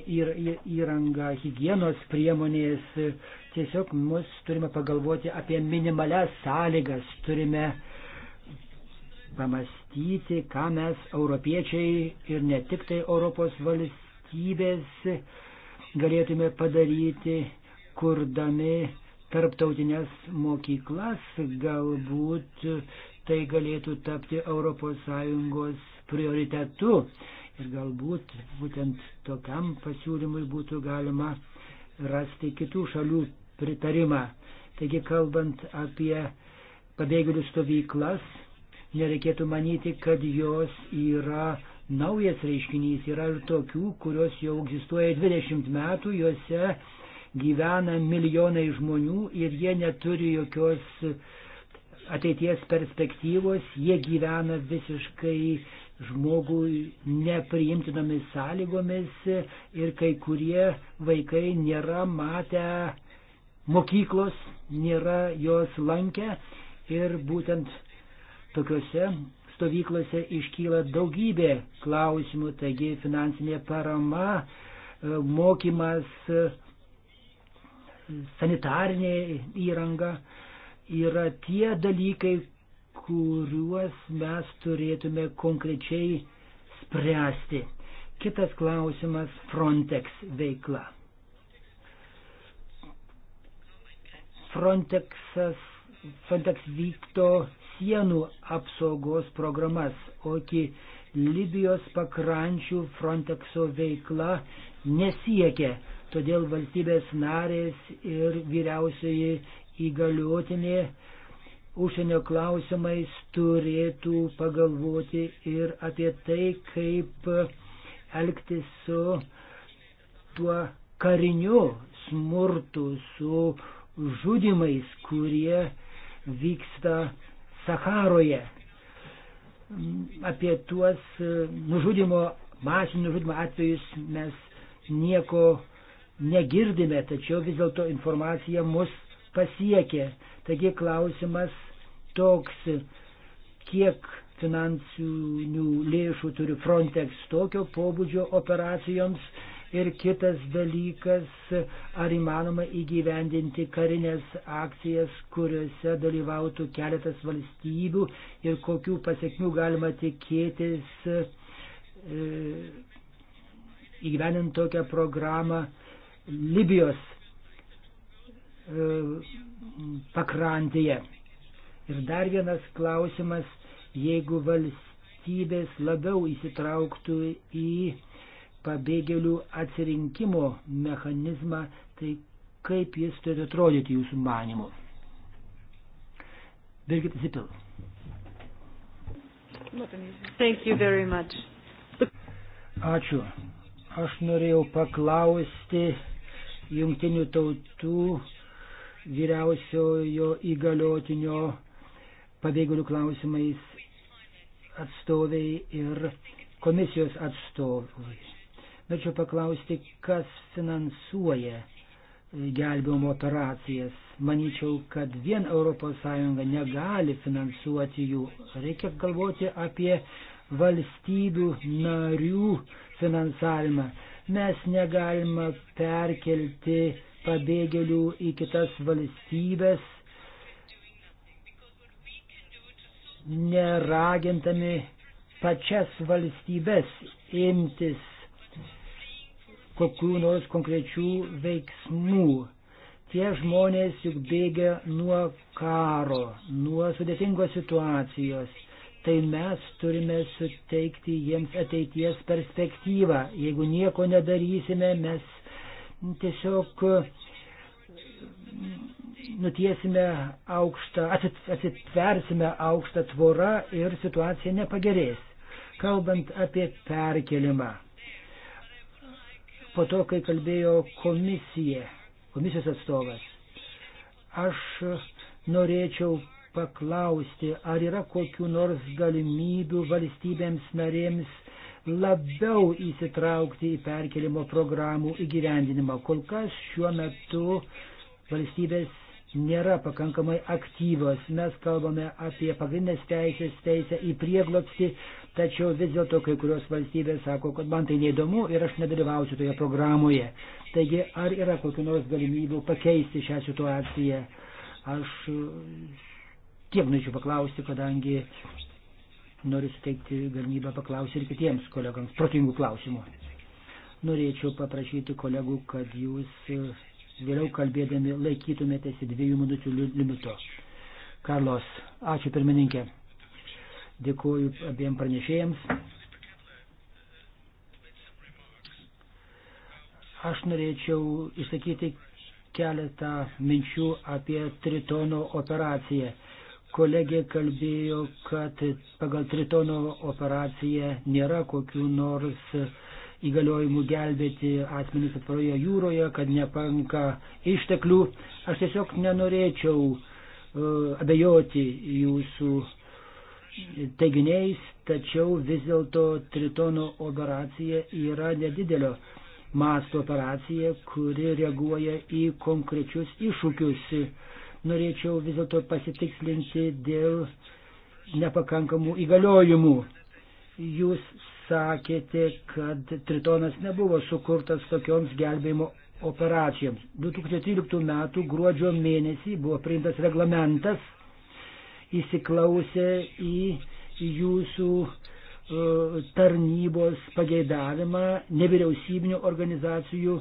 įranga, hygienos priemonės. Tiesiog mus turime pagalvoti apie minimales sąlygas, turime uh, pamastyti, ką mes europiečiai ir ne tik tai Europos valstybės galėtume padaryti, kurdami tarptautinės mokyklas, galbūt tai galėtų tapti ES prioritetu. Ir galbūt būtent tokiam pasiūlymui būtų galima rasti kitų šalių pritarimą. Taigi, kalbant apie pabėgėlių stovyklas, nereikėtų manyti, kad jos yra naujas reiškinys. Yra ir tokių, kurios jau egzistuoja 20 metų, juose gyvena milijonai žmonių ir jie neturi jokios ateities perspektyvos, jie gyvena visiškai žmogui nepriimtinomis sąlygomis ir kai kurie vaikai nėra matę mokyklos, nėra jos lankę ir būtent Tokiuose stovyklose iškyla daugybė klausimų, taigi finansinė parama, e, mokymas, e, sanitarinė įranga yra tie dalykai, kuriuos mes turėtume konkrečiai spręsti. Kitas klausimas - Frontex veikla. Frontexas, Frontex vykto sienų apsaugos programas, o iki Libijos pakrančių Frontexo veikla nesiekia. Todėl valstybės narės ir vyriausioji įgaliotinė užsienio klausimais turėtų pagalvoti ir apie tai, kaip elgtis su tuo kariniu smurtu, su žudimais, kurie vyksta Sakaroje, apie tuos e, nužudimo, masinių nužudimo atvejus mes nieko negirdime, tačiau vis dėlto informacija mus pasiekė. Taigi klausimas toks, kiek finansinių lėšų turi Frontex tokio pobūdžio operacijoms Ir kitas dalykas, ar įmanoma įgyvendinti karinės akcijas, kuriuose dalyvautų keletas valstybių ir kokių pasiekmių galima tikėtis e, įgyvendinti tokią programą Libijos e, pakrantėje. Ir dar vienas klausimas, jeigu valstybės labiau įsitrauktų į pabėgėlių atsirinkimo mechanizmą, tai kaip jis turi atrodyti jūsų manimu. Birgit Zipil. Ačiū. Aš norėjau paklausti jungtinių tautų vyriausiojo įgaliotinio pabėgėlių klausimais atstoviai ir komisijos atstovai. Norėčiau paklausti, kas finansuoja gelbėjimo operacijas. Manyčiau, kad vien ES negali finansuoti jų. Reikia galvoti apie valstybių narių finansavimą. Mes negalime perkelti pabėgėlių į kitas valstybės, neragintami pačias valstybės imtis kokių nors konkrečių veiksmų. Tie žmonės juk bėga nuo karo, nuo sudėtingos situacijos. Tai mes turime suteikti jiems ateities perspektyvą. Jeigu nieko nedarysime, mes tiesiog mm, nutiesime aukštą, atsitversime aukštą tvorą ir situacija nepagerės. Kalbant apie perkelimą po to, kai kalbėjo komisija, komisijos atstovas. Aš norėčiau paklausti, ar yra kokiu nors galimybių valstybėms narėms labiau įsitraukti į perkelimo programų įgyvendinimą. Kol kas šiuo metu valstybės nėra pakankamai aktyvios. Mes kalbame apie pagrindinės teisės, teisę į prieglopstį, Tačiau vis dėlto kai kurios valstybės sako, kad man tai neįdomu ir aš nedalyvausiu toje programoje. Taigi, ar yra kokiu nors galimybių pakeisti šią situaciją? Aš tiek norėčiau paklausti, kadangi noriu suteikti galimybę paklausti ir kitiems kolegams protingų klausimų. Norėčiau paprašyti kolegų, kad jūs vėliau kalbėdami laikytumėtės dviejų minučių limito. Karlos, ačiū pirmininkė. Dėkuoju abiem pranešėjams. Aš norėčiau išsakyti keletą minčių apie Tritono operaciją. Kolegė kalbėjo, kad pagal Tritono operaciją nėra kokių nors įgaliojimų gelbėti asmenys atvaroje jūroje, kad nepanka išteklių. Aš tiesiog nenorėčiau uh, abejoti jūsų teiginiais, tačiau vis dėlto Tritono operacija yra nedidelio masto operacija, kuri reaguoja į konkrečius iššūkius. Norėčiau vis dėlto pasitikslinti dėl nepakankamų įgaliojimų. Jūs sakėte, kad Tritonas nebuvo sukurtas tokioms gelbėjimo operacijoms. 2013 m. gruodžio mėnesį buvo priimtas reglamentas įsiklausė į jūsų e, tarnybos pageidavimą, nevyriausybinių organizacijų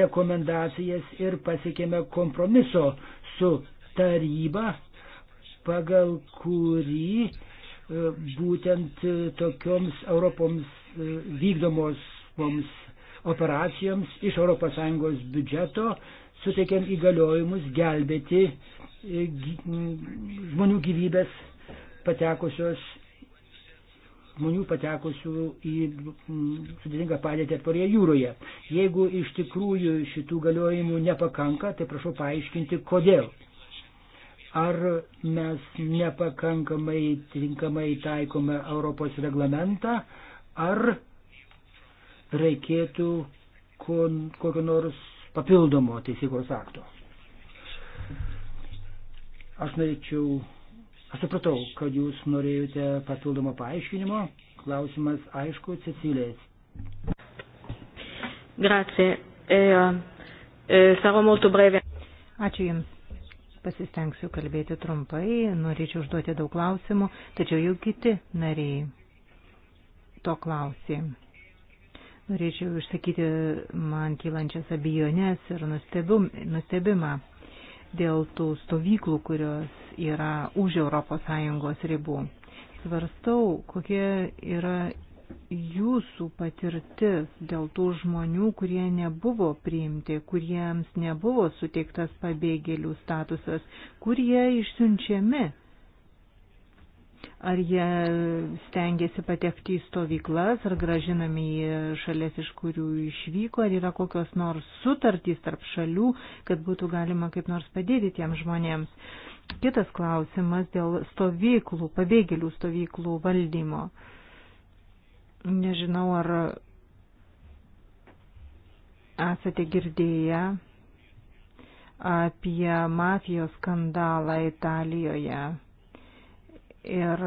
rekomendacijas ir pasiekėme kompromiso su taryba, pagal kurį e, būtent tokioms Europoms e, vykdomos mums operacijoms iš ES biudžeto suteikėm įgaliojimus gelbėti E, žmonių gyvybės patekusios, žmonių patekusių į sudėtingą padėtį atvarėje jūroje. Jeigu iš tikrųjų šitų galiojimų nepakanka, tai prašau paaiškinti, kodėl. Ar mes nepakankamai tinkamai taikome Europos reglamentą, ar reikėtų kokio nors papildomo teisėkos akto. Aš norėčiau, aš supratau, kad jūs norėjote papildomo paaiškinimo. Klausimas aišku, Cecilės. Grazie. E, e, sarò molto breve. Ačiū Jums. Pasistengsiu kalbėti trumpai, norėčiau užduoti daug klausimų, tačiau jau kiti nariai to klausė. Norėčiau išsakyti man kylančias abijones ir nustebimą dėl tų stovyklų, kurios yra už ES ribų. Svarstau, kokie yra jūsų patirtis dėl tų žmonių, kurie nebuvo priimti, kuriems nebuvo suteiktas pabėgėlių statusas, kurie išsiunčiami Ar jie stengiasi patekti į stovyklas, ar gražinami į šalies, iš kurių išvyko, ar yra kokios nors sutartys tarp šalių, kad būtų galima kaip nors padėti tiem žmonėms. Kitas klausimas dėl stovyklų, pabėgėlių stovyklų valdymo. Nežinau, ar esate girdėję apie mafijos skandalą Italijoje ir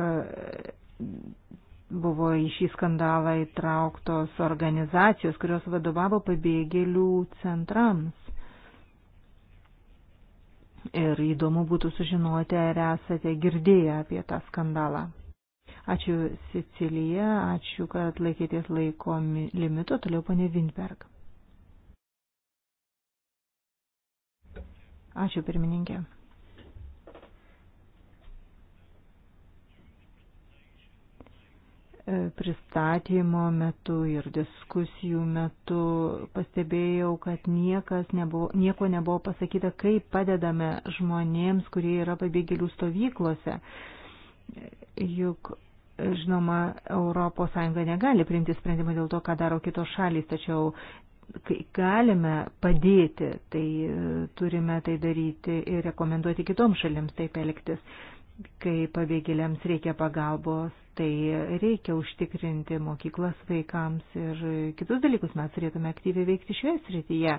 buvo į šį skandalą įtrauktos organizacijos, kurios vadovavo pabėgėlių centrams. Ir įdomu būtų sužinoti, ar esate girdėję apie tą skandalą. Ačiū Sicilija, ačiū, kad laikėtės laiko limito, toliau ponė Vinberg. Ačiū pirmininkė. E, pristatymo metu ir diskusijų metu pastebėjau, kad niekas nebuvo, nieko nebuvo pasakyta, kaip padedame žmonėms, kurie yra pabėgėlių stovyklose. Juk, žinoma, ES negali priimti sprendimą dėl to, ką daro kitos šalys, tačiau kai galime padėti, tai turime tai daryti ir rekomenduoti kitoms šalims taip elgtis kai pabėgėliams reikia pagalbos, tai reikia užtikrinti mokyklas vaikams ir kitus dalykus mes turėtume aktyviai veikti šioje srityje.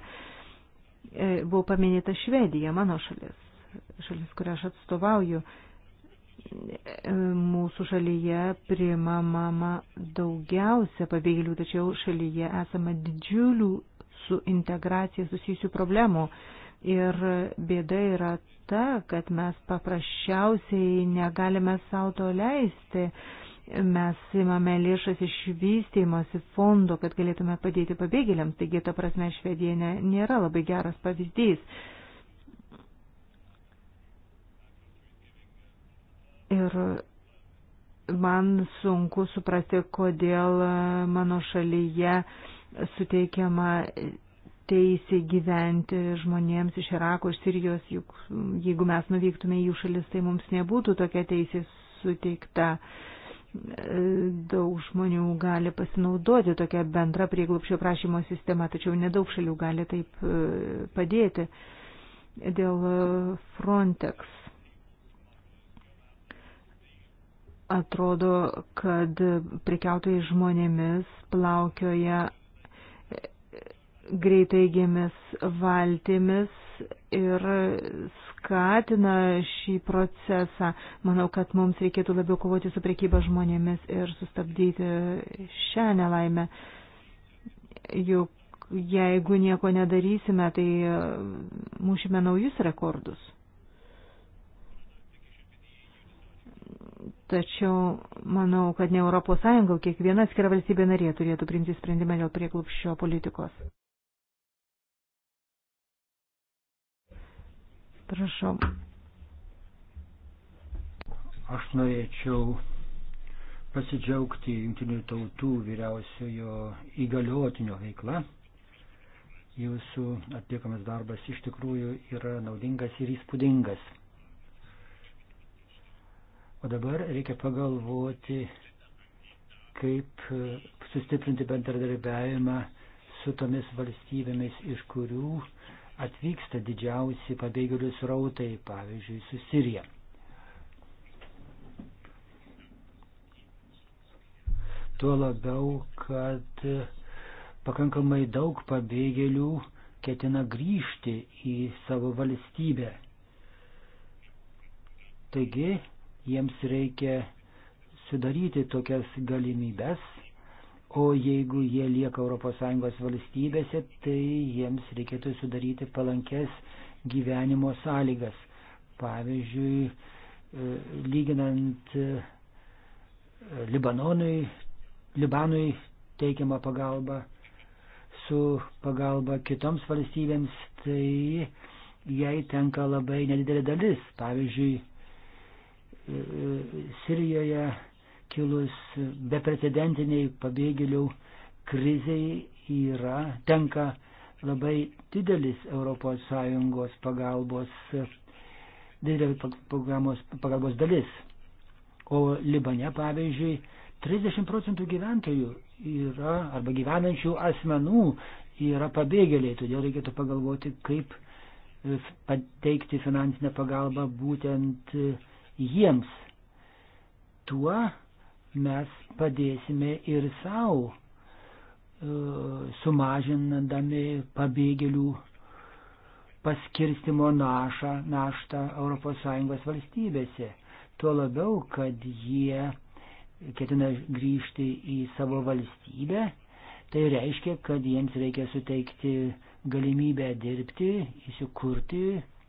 E, buvo paminėta Švedija, mano šalis, šalis, kurią aš atstovauju. E, mūsų šalyje primamama daugiausia pabėgėlių, tačiau šalyje esama didžiulių su integracija susijusių problemų. Ir bėda yra ta, kad mes paprasčiausiai negalime savo to leisti. Mes imame lėšas iš vystymosi fondo, kad galėtume padėti pabėgėliams. Taigi, ta prasme, Švedija nėra labai geras pavyzdys. Ir man sunku suprasti, kodėl mano šalyje suteikiama teisė gyventi žmonėms iš Irako, iš Sirijos, juk jeigu mes nuvyktume į jų šalis, tai mums nebūtų tokia teisė suteikta. Daug žmonių gali pasinaudoti tokią bendrą prieglupščio prašymo sistemą, tačiau nedaug šalių gali taip e, padėti. Dėl e, Frontex atrodo, kad prikiautojai žmonėmis plaukioja greitaigėmis valtimis ir skatina šį procesą. Manau, kad mums reikėtų labiau kovoti su priekyba žmonėmis ir sustabdyti šią nelaimę. Juk jeigu nieko nedarysime, tai mušime naujus rekordus. Tačiau manau, kad ne ES, kiekviena atskira valstybė narė turėtų priimti sprendimą dėl prieklupščio politikos. Prašau. Aš norėčiau pasidžiaugti Junktinių tautų vyriausiojo įgaliotinio veikla. Jūsų atliekamas darbas iš tikrųjų yra naudingas ir įspūdingas. O dabar reikia pagalvoti, kaip sustiprinti bendradarbiavimą su tomis valstybėmis, iš kurių uh, atvyksta didžiausi pabėgėlių srautai, pavyzdžiui, su Sirija. Tuo labiau, kad pakankamai daug pabėgėlių ketina grįžti į savo valstybę. Taigi, jiems reikia sudaryti tokias galimybes O jeigu jie lieka ES valstybėse, tai jiems reikėtų sudaryti palankes gyvenimo sąlygas. Pavyzdžiui, e, lyginant e, Libanonui, Libanui teikiamą pagalbą su pagalba kitoms valstybėms, tai jai tenka labai nedidelė dalis. Pavyzdžiui, e, Sirijoje kilus beprecedentiniai pabėgėlių kriziai yra, tenka labai didelis ES pagalbos, didelė programos, pagalbos dalis. O Libane, pavyzdžiui, 30 procentų gyventojų yra arba gyvenančių asmenų yra pabėgėliai, todėl reikėtų pagalvoti, kaip e, pateikti finansinę pagalbą būtent e, jiems. Tuo mes padėsime ir savo, e, sumažindami pabėgėlių paskirstimo našą, naštą ES valstybėse. Tuo labiau, kad jie ketina grįžti į savo valstybę, tai reiškia, kad jiems reikia suteikti galimybę dirbti, įsikurti,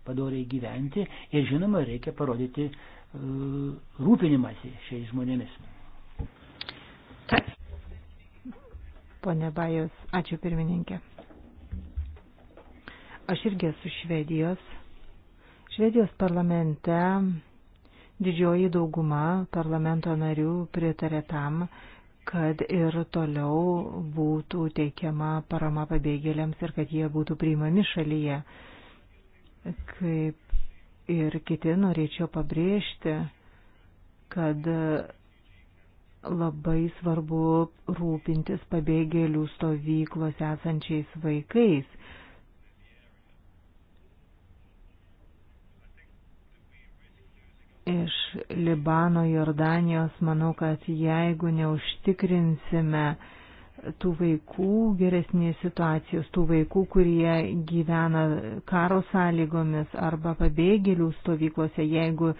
padoriai gyventi ir žinoma, reikia parodyti e, rūpinimasi šiais žmonėmis. Taip. Pone Bajus, ačiū pirmininkė. Aš irgi esu Švedijos. Švedijos parlamente didžioji dauguma parlamento narių pritarė tam, kad ir toliau būtų teikiama parama pabėgėliams ir kad jie būtų priimami šalyje. Kaip ir kiti norėčiau pabrėžti, kad labai svarbu rūpintis pabėgėlių stovyklos esančiais vaikais. Iš Libano, Jordanijos, manau, kad jeigu neužtikrinsime uh, tų vaikų geresnės situacijos, tų vaikų, kurie gyvena karo sąlygomis arba pabėgėlių stovyklose, jeigu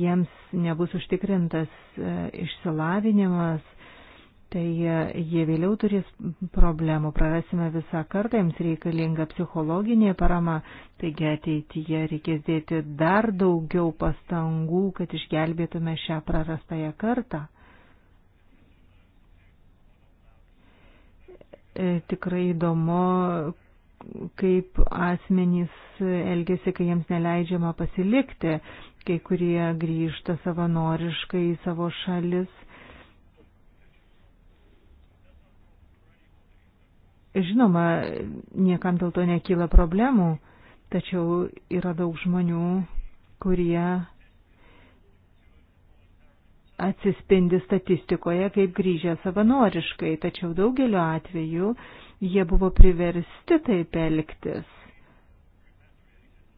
jiems nebus užtikrintas e, išsilavinimas, tai e, jie vėliau turės problemų, prarasime visą kartą, jiems reikalinga psichologinė parama, taigi ateityje reikės dėti dar daugiau pastangų, kad išgelbėtume šią prarastąją kartą. E, tikrai įdomu, kaip asmenys elgesi, kai jiems neleidžiama pasilikti. Kai kurie grįžta savanoriškai į savo šalis. Žinoma, niekam dėl to nekyla problemų, tačiau yra daug žmonių, kurie atsispindi statistikoje kaip grįžę savanoriškai, tačiau daugeliu atveju jie buvo priversti taip elgtis.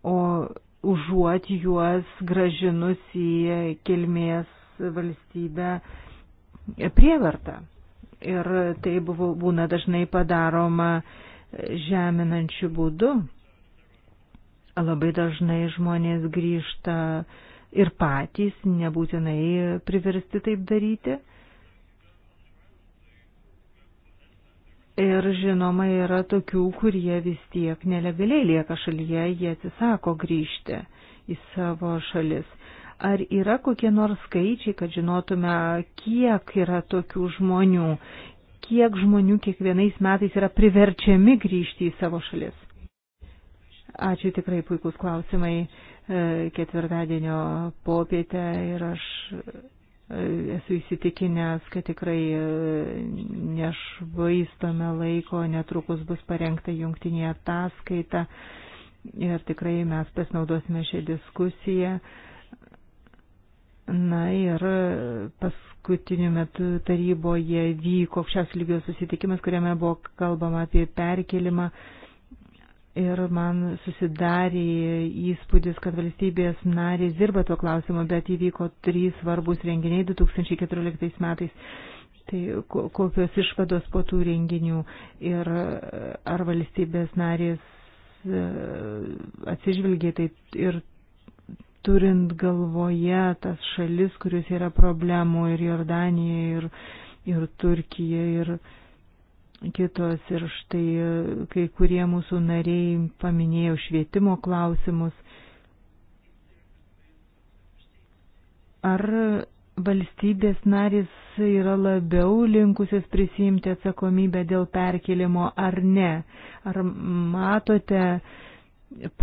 O užuot juos gražinus į kilmės valstybę prievartą. Ir tai buvo, būna dažnai padaroma žeminančių būdų. Labai dažnai žmonės grįžta uh, ir patys nebūtinai priversti taip daryti. Ir žinoma, yra tokių, kurie vis tiek nelegaliai lieka šalyje, jie atsisako grįžti į savo šalis. Ar yra kokie nors skaičiai, kad žinotume, kiek yra tokių žmonių, kiek žmonių kiekvienais metais yra priverčiami grįžti į savo šalis? Ačiū tikrai puikus klausimai. E, ketvirtadienio popietę ir aš e, esu įsitikinęs, kad tikrai e, nešvaistome laiko, netrukus bus parengta jungtinė ataskaita ir tikrai mes pasinaudosime šią diskusiją. Na ir paskutiniu metu taryboje vyko aukščiausių lygio susitikimas, kuriame buvo kalbama apie perkelimą ir man susidarė įspūdis, kad valstybės narės dirba tuo klausimu, bet įvyko trys svarbus renginiai 2014 metais. Tai kokios išvados po tų renginių ir ar valstybės narės e, atsižvelgė tai ir turint galvoje tas šalis, kuriuos yra problemų ir Jordanija, ir, ir Turkija, ir, kitos ir štai e, kai kurie mūsų nariai paminėjo švietimo klausimus. Ar valstybės narys yra labiau linkusios prisijimti atsakomybę dėl perkelimo ar ne? Ar matote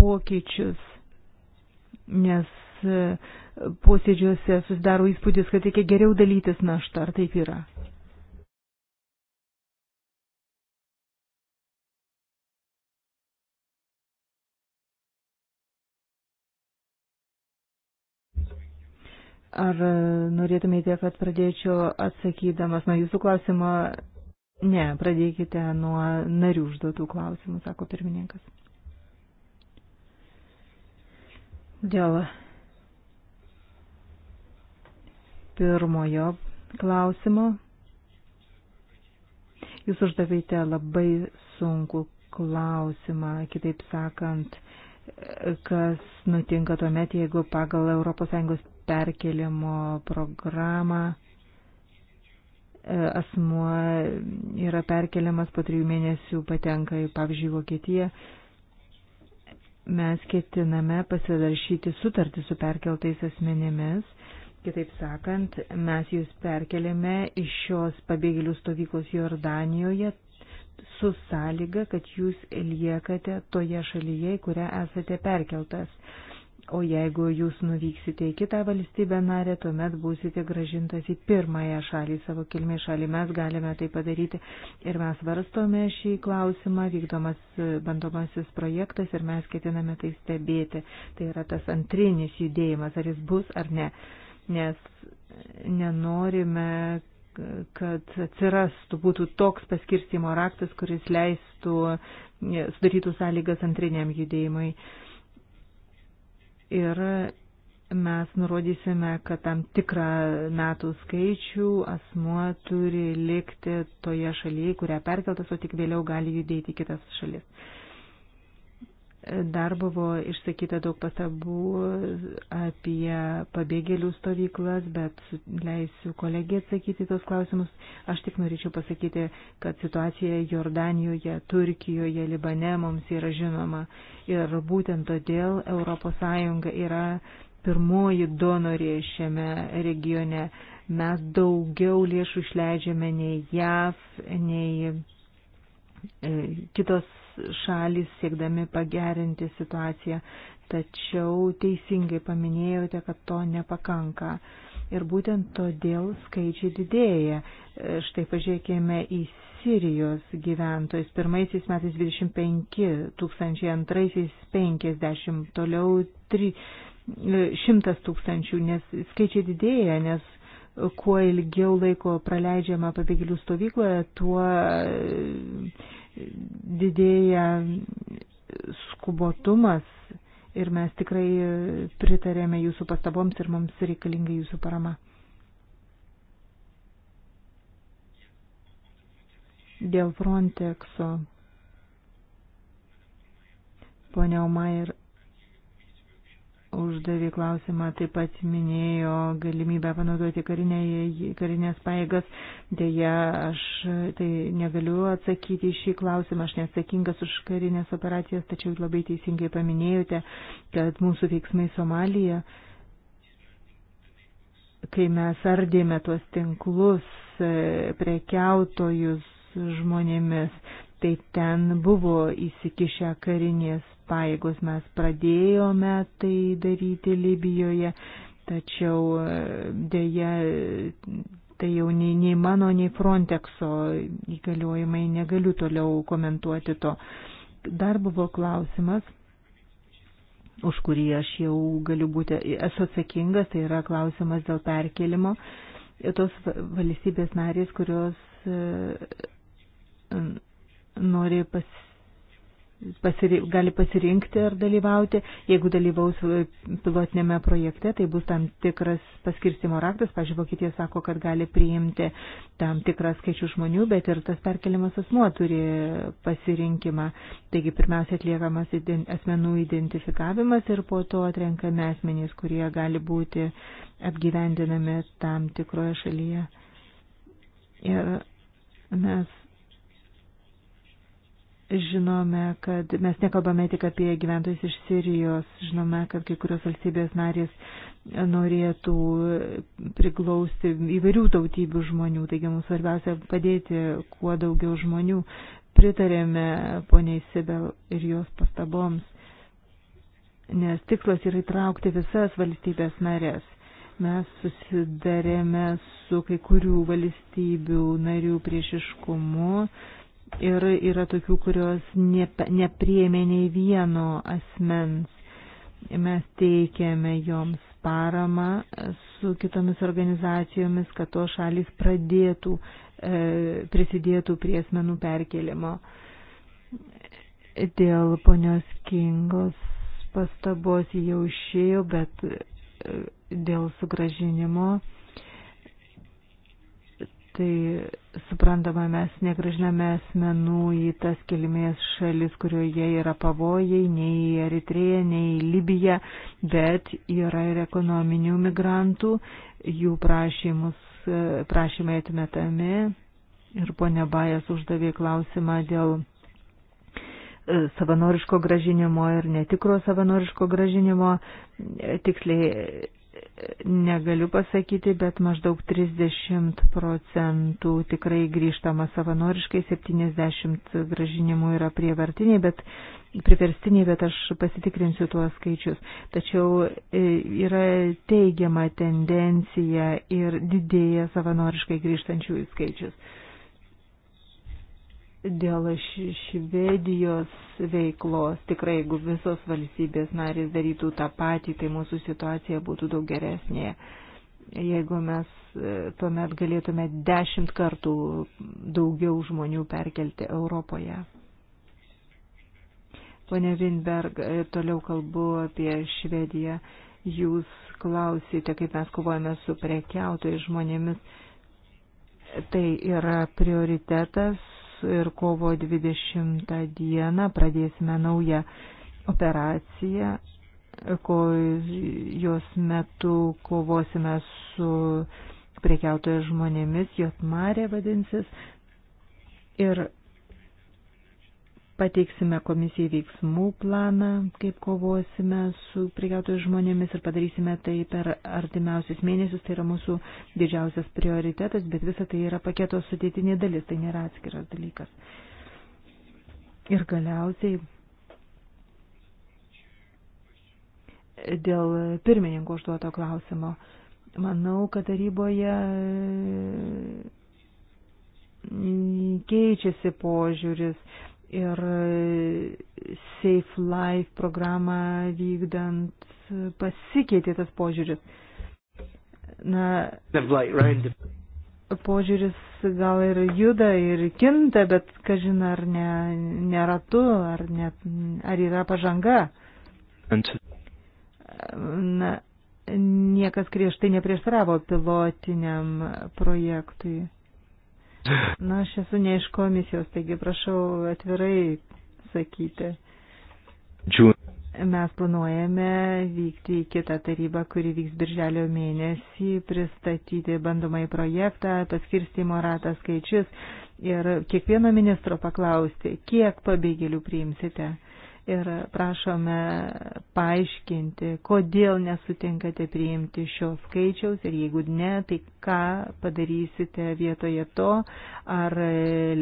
pokyčius? Nes e, posėdžiuose susidaro įspūdis, kad reikia geriau dalytis naštą, ar taip yra? Ar norėtumėte, kad pradėčiau atsakydamas nuo jūsų klausimo? Ne, pradėkite nuo narių užduotų klausimų, sako pirmininkas. Dėl pirmojo klausimo. Jūs uždavėte labai sunku klausimą, kitaip sakant, kas nutinka tuomet, jeigu pagal ES perkelimo programą. E, asmuo yra perkeliamas po trijų mėnesių, patenka į, pavyzdžiui, Vokietiją. Mes ketiname pasidaršyti sutartį su perkeltais asmenėmis. Kitaip sakant, mes jūs perkeliame iš šios pabėgėlių stovyklos Jordanijoje su sąlyga, kad jūs liekate toje šalyje, į kurią esate perkeltas. O jeigu jūs nuvyksite į kitą valstybę narę, tuomet būsite gražintas į pirmąją šalį, savo kilmės šalį. Mes galime tai padaryti ir mes varstome šį klausimą, vykdomas bandomasis projektas ir mes ketiname tai stebėti. Tai yra tas antrinis judėjimas, ar jis bus ar ne. Nes nenorime, kad atsirastų, būtų toks paskirstimo raktas, kuris leistų, sudarytų sąlygas antriniam judėjimui. Uh, ir mes nurodysime, kad tam tikrą metų skaičių asmuo turi likti toje šalyje, kurią perkeltas, o tik vėliau gali judėti į kitas šalis. Dar buvo išsakyta daug pastabų apie pabėgėlių stovyklas, bet leisiu kolegiją atsakyti tos klausimus. Aš tik norėčiau pasakyti, kad situacija Jordanijoje, Turkijoje, Libane mums yra žinoma. Ir būtent todėl ES yra pirmoji donorė šiame regione. Mes daugiau lėšų išleidžiame nei JAV, nei e, kitos šalis siekdami pagerinti situaciją, tačiau teisingai paminėjote, kad to nepakanka. Ir būtent todėl skaičiai didėja. E, štai pažiūrėkime į Sirijos gyventojus. Pirmaisiais metais 25 tūkstančiai, antraisiais 50, toliau 3, 100 e, tūkstančių, nes skaičiai didėja, nes kuo ilgiau laiko praleidžiama pabėgėlių stovykloje, tuo didėja skubotumas ir mes tikrai pritarėme jūsų pastaboms ir mums reikalinga jūsų parama. Dėl Frontexo. Pone Omair uždavė klausimą, taip pat minėjo galimybę panaudoti karinė, karinės paėgas. Deja, aš tai negaliu atsakyti į šį klausimą, aš neatsakingas už karinės operacijas, tačiau labai teisingai paminėjote, kad mūsų veiksmai Somalija, kai mes ardėme tuos tinklus, e, prekiautojus, žmonėmis tai ten buvo įsikišę karinės paėgos, mes pradėjome tai daryti Libijoje, tačiau e, dėja tai jau nei, nei mano, nei Frontexo įgaliojimai negaliu toliau komentuoti to. Dar buvo klausimas už kurį aš jau galiu būti, esu atsakingas, tai yra klausimas dėl perkelimo. Tos valstybės narės, kurios e, nori pas, pasiri, gali pasirinkti ar dalyvauti. Jeigu dalyvaus pilotinėme projekte, tai bus tam tikras paskirstimo raktas. Pavyzdžiui, Vokietija sako, kad gali priimti tam tikrą skaičių žmonių, bet ir tas perkeliamas asmuo turi pasirinkimą. Taigi pirmiausia atliekamas asmenų identifikavimas ir po to atrenkame asmenys, kurie gali būti apgyvendinami tam tikroje šalyje. Ir mes Žinome, kad mes nekalbame tik apie gyventojus iš Sirijos, žinome, kad kai kurios valstybės narės norėtų priglausti įvairių tautybių žmonių, taigi mums svarbiausia padėti kuo daugiau žmonių. Pritarėme poniai Sibel ir jos pastaboms, nes tikslas yra įtraukti visas valstybės narės. Mes susidarėme su kai kurių valstybių narių priešiškumu ir yra tokių, kurios nepriemė nei vieno asmens. Mes teikėme joms paramą su kitomis organizacijomis, kad to šalis pradėtų, e, prisidėtų prie asmenų perkelimo. Dėl ponios Kingos pastabos jau išėjo, bet e, dėl sugražinimo e, Tai suprantama, mes negražiname asmenų į tas kilmės šalis, kurioje yra pavojai, nei į Eritreją, nei į Libiją, bet yra ir ekonominių migrantų, jų prašymus, prašymai atmetami. Ir ponia Bajas uždavė klausimą dėl e, savanoriško gražinimo ir netikro savanoriško gražinimo. E, tiksliai negaliu pasakyti, bet maždaug 30 procentų tikrai grįžtama savanoriškai, 70 gražinimų yra prievartiniai, bet priverstiniai, bet aš pasitikrinsiu tuos skaičius. Tačiau e, yra teigiama tendencija ir didėja savanoriškai grįžtančiųjų skaičius dėl Švedijos veiklos. Tikrai, jeigu visos valstybės narės darytų tą patį, tai mūsų situacija būtų daug geresnė. Jeigu mes e, tuomet galėtume dešimt kartų daugiau žmonių perkelti Europoje. Pone Winberg, e, toliau kalbu apie Švediją. Jūs klausite, kaip mes kovojame su prekiautojais žmonėmis. Tai yra prioritetas ir kovo 20 dieną pradėsime naują operaciją, ko jos metu kovosime su prekiautoja žmonėmis, jos marė vadinsis. Ir pateiksime komisijai veiksmų planą, kaip kovosime su prekiautojų žmonėmis ir padarysime tai per artimiausius mėnesius. Tai yra mūsų didžiausias prioritetas, bet visa tai yra paketo sudėtinė dalis, tai nėra atskiras dalykas. Ir galiausiai dėl pirmininko užduoto klausimo. Manau, kad taryboje mm, keičiasi požiūris ir e, Safe Life programą vykdant pasikeitė tas požiūris. Na, požiūris gal ir juda ir kinta, bet kažin ar ne, nėra tu, ar, ne, ar yra pažanga. Na, niekas griežtai neprieštaravo pilotiniam projektui. Na, aš esu ne iš komisijos, taigi prašau atvirai sakyti. Džiūn. Mes planuojame vykti į kitą tarybą, kuri vyks birželio mėnesį, pristatyti bandomai projektą, paskirstimo ratą skaičius ir kiekvieno ministro paklausti, kiek pabėgėlių priimsite ir prašome paaiškinti, kodėl nesutinkate priimti šio skaičiaus ir jeigu ne, tai ką padarysite vietoje to, ar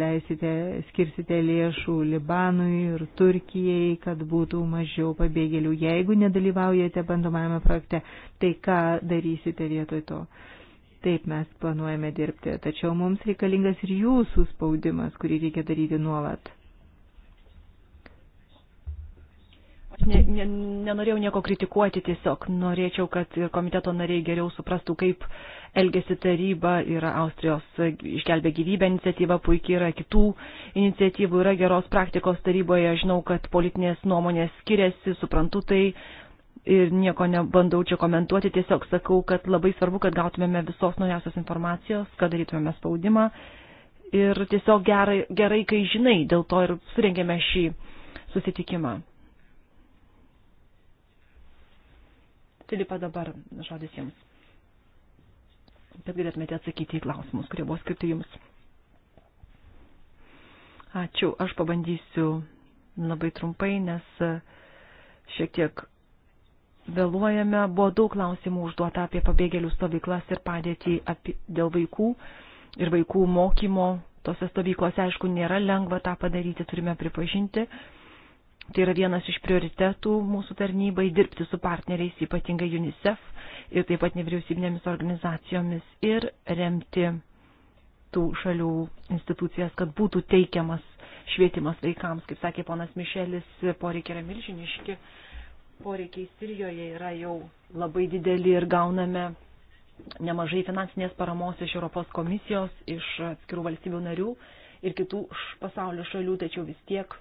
leisite, skirsite lėšų Libanui ir Turkijai, kad būtų mažiau pabėgėlių. Jeigu nedalyvaujate bandomajame projekte, tai ką darysite vietoje to? Taip mes planuojame dirbti, tačiau mums reikalingas ir jūsų spaudimas, kurį reikia daryti nuolat. ne, ne, nenorėjau nieko kritikuoti, tiesiog norėčiau, kad ir komiteto nariai geriau suprastų, kaip elgesi taryba, yra Austrijos išgelbė gyvybę iniciatyva, puikiai yra kitų iniciatyvų, yra geros praktikos taryboje, žinau, kad politinės nuomonės skiriasi, suprantu tai ir nieko nebandau čia komentuoti, tiesiog sakau, kad labai svarbu, kad gautumėme visos naujausios informacijos, kad darytumėme spaudimą ir tiesiog gerai, gerai kai žinai, dėl to ir surengėme šį susitikimą. Filipa, dabar žodis jums. Bet galėtumėte atsakyti į klausimus, kurie buvo skirti jums. Ačiū, aš pabandysiu labai trumpai, nes šiek tiek vėluojame. Buvo daug klausimų užduota apie pabėgėlių stovyklas ir padėtį apie, dėl vaikų ir vaikų mokymo. Tose stovyklose, aišku, nėra lengva tą padaryti, turime pripažinti. Uh, Tai yra vienas iš prioritetų mūsų tarnybai dirbti su partneriais, ypatingai UNICEF ir taip pat nevyriausybinėmis organizacijomis ir remti tų šalių institucijas, kad būtų teikiamas švietimas vaikams. Kaip sakė ponas Mišelis, poreikiai yra milžiniški, poreikiai Sirijoje yra jau labai dideli ir gauname nemažai finansinės paramos iš Europos komisijos, iš atskirų valstybių narių ir kitų pasaulio šalių, tačiau vis tiek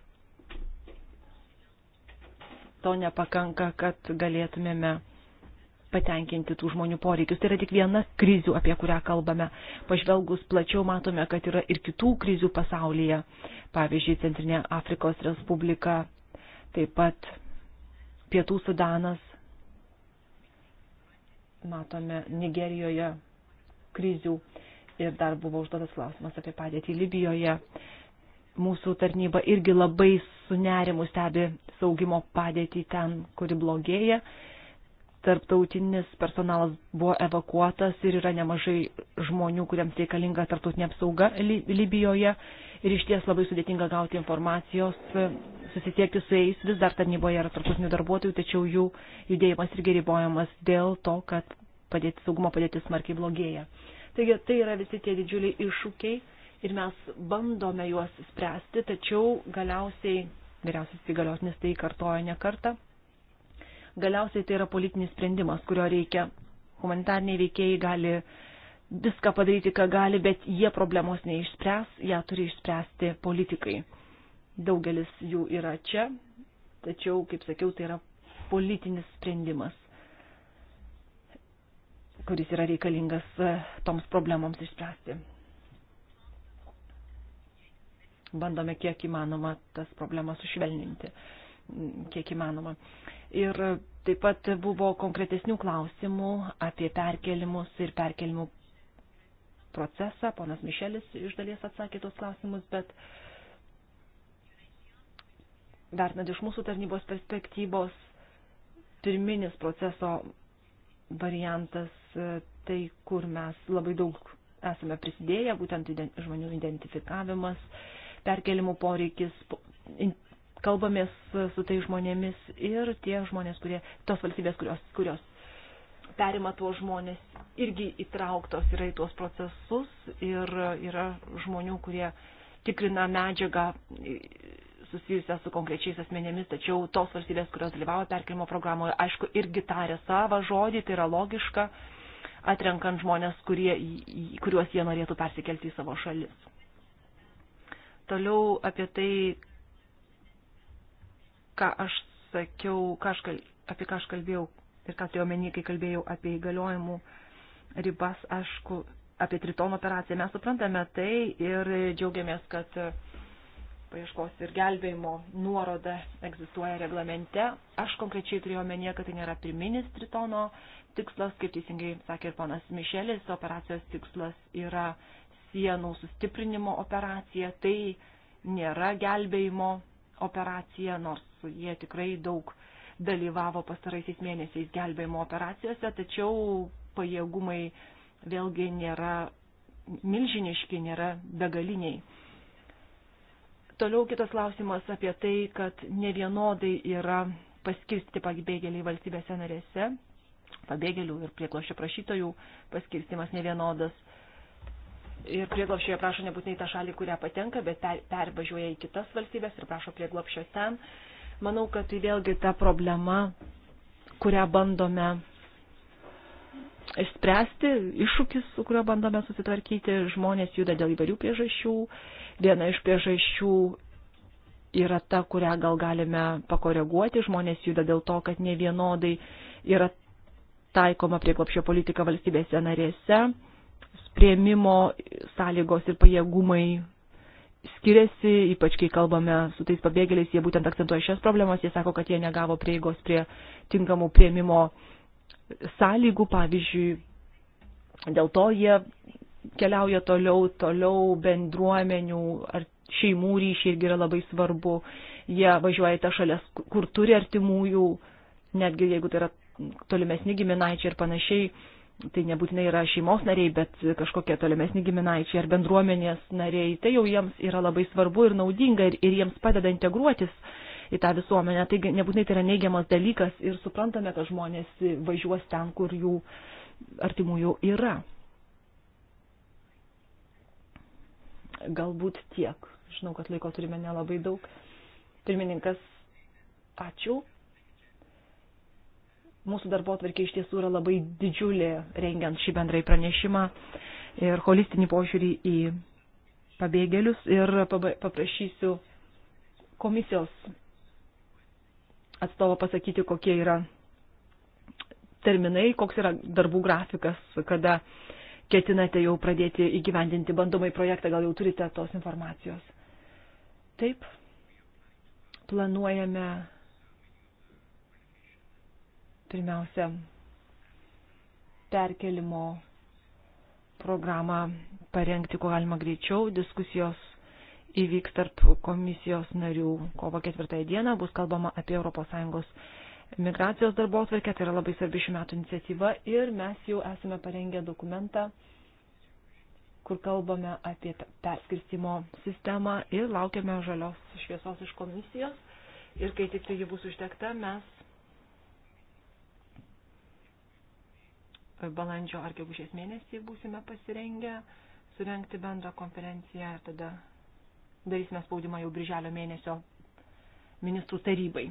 to nepakanka, kad galėtumėme patenkinti tų žmonių poreikius. Tai yra tik viena krizių, apie kurią kalbame. Pažvelgus plačiau matome, kad yra ir kitų krizių pasaulyje. Pavyzdžiui, Centrinė Afrikos Respublika, taip pat Pietų Sudanas, matome Nigerijoje krizių ir dar buvo užduotas klausimas apie padėtį Libijoje mūsų tarnyba irgi labai sunerimu stebi saugimo padėtį ten, kuri blogėja. Tarptautinis personalas buvo evakuotas ir yra nemažai žmonių, kuriems reikalinga tarptautinė apsauga Libijoje. Ir iš ties labai sudėtinga gauti informacijos, susisiekti su jais. Vis dar tarnyboje yra tarptautinių darbuotojų, tačiau jų judėjimas irgi ribojamas dėl to, kad padėti, saugumo padėtis smarkiai blogėja. Taigi tai yra visi tie didžiuliai iššūkiai ir mes bandome juos spręsti, tačiau galiausiai, vyriausias įgaliotinis tai kartoja ne kartą, galiausiai tai yra politinis sprendimas, kurio reikia. Humanitarniai veikėjai gali viską padaryti, ką gali, bet jie problemos neišspręs, ją turi išspręsti politikai. Daugelis jų yra čia, tačiau, kaip sakiau, tai yra politinis sprendimas, kuris yra reikalingas e, toms problemoms išspręsti bandome kiek įmanoma tas problemas sušvelninti, kiek įmanoma. Ir taip pat buvo konkretesnių klausimų apie perkelimus ir perkelimų procesą. Ponas Mišelis iš dalies atsakė tos klausimus, bet vertinant iš mūsų tarnybos perspektyvos, pirminis proceso variantas e, tai, kur mes labai daug esame prisidėję, būtent žmonių identifikavimas, perkelimų poreikis. Kalbamės su tai žmonėmis ir tie žmonės, kurie, tos valstybės, kurios, kurios perima tuos žmonės, irgi įtrauktos yra į tuos procesus ir yra žmonių, kurie tikrina medžiagą susijusią su konkrečiais asmenėmis, tačiau tos valstybės, kurios dalyvavo perkelimo programoje, aišku, irgi tarė savo žodį, tai yra logiška, atrenkant žmonės, kurie, kuriuos jie norėtų persikelti į savo šalis. Toliau apie tai, ką aš sakiau, ką aš, apie ką aš kalbėjau ir ką turėjau menį, kai kalbėjau apie įgaliojimų ribas, aišku, apie tritono operaciją. Mes suprantame tai ir džiaugiamės, kad paieškos ir gelbėjimo nuoroda egzistuoja reglamente. Aš konkrečiai turėjau menyje, kad tai nėra pirminis tritono tikslas, kaip teisingai sakė ir ponas Mišelis, operacijos tikslas yra sienų sustiprinimo operacija, tai nėra gelbėjimo operacija, nors jie tikrai daug dalyvavo pastaraisiais mėnesiais gelbėjimo operacijose, tačiau pajėgumai vėlgi nėra milžiniški, nėra begaliniai. Toliau kitas klausimas apie tai, kad ne vienodai yra paskirsti pabėgėliai valstybėse narėse, pabėgėlių ir prieklošio prašytojų paskirstimas nevienodas ir prieglopščioje prašo nebūtinai tą šalį, kurią patenka, bet per, pervažiuoja į kitas valstybės ir prašo prieglopščio ten. Manau, kad tai vėlgi ta problema, kurią bandome išspręsti, iššūkis, su kuriuo bandome susitvarkyti, žmonės juda dėl įvairių priežasčių. Viena iš priežasčių yra ta, kurią gal galime pakoreguoti, žmonės juda dėl to, kad ne vienodai yra taikoma prieglopščio politika valstybėse narėse prieimimo sąlygos ir pajėgumai skiriasi, ypač kai kalbame su tais pabėgėliais, jie būtent akcentuoja šias problemas, jie sako, kad jie negavo prieigos prie tinkamų prieimimo sąlygų, pavyzdžiui, dėl to jie keliauja toliau, toliau bendruomenių ar šeimų ryšiai irgi yra labai svarbu, jie važiuoja į tą šalias, kur turi artimųjų, netgi jeigu tai yra tolimesni giminaičiai ir panašiai, tai nebūtinai yra šeimos nariai, bet kažkokie tolimesni giminaičiai ar bendruomenės nariai, tai jau jiems yra labai svarbu ir naudinga ir, ir jiems padeda integruotis į tą visuomenę. Tai nebūtinai tai yra neigiamas dalykas ir suprantame, kad žmonės važiuos ten, kur jų artimųjų yra. Galbūt tiek. Žinau, kad laiko turime nelabai daug. Pirmininkas, ačiū mūsų darbo atvarkė iš tiesų yra labai didžiulė, rengiant šį bendrai pranešimą ir holistinį požiūrį į pabėgėlius ir paprašysiu komisijos atstovo pasakyti, kokie yra terminai, koks yra darbų grafikas, kada ketinate jau pradėti įgyvendinti bandomai projektą, gal jau turite tos informacijos. Taip, planuojame pirmiausia perkelimo programą parengti kuo galima greičiau. Diskusijos įvyks tarp komisijos narių kovo ketvirtąją dieną. Bus kalbama apie ES migracijos darbo atverkę. Tai yra labai svarbi šių metų iniciatyva ir mes jau esame parengę dokumentą kur kalbame apie perskirstimo sistemą ir laukiame žalios šviesos iš komisijos. Ir kai tik tai ji bus užtekta, mes balandžio ar gegužės mėnesį būsime pasirengę surenkti bendrą konferenciją ir tada darysime spaudimą jau birželio mėnesio ministrų tarybai.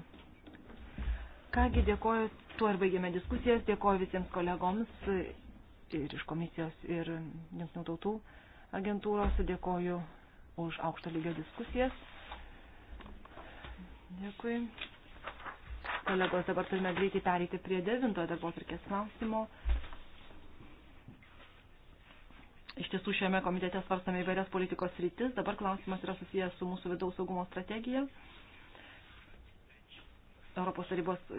Kągi dėkoju, tuo ir baigėme diskusijas, dėkoju visiems kolegoms ir iš komisijos ir jungtinių tautų agentūros, dėkoju už aukšto lygio diskusijas. Dėkui. Kolegos, dabar turime greitai pereiti prie devintojo darbo turkės klausimo. Iš tiesų šiame komitete svarstame įvairias politikos rytis. Dabar klausimas yra susijęs su mūsų vidaus saugumo strategija. Europos tarybos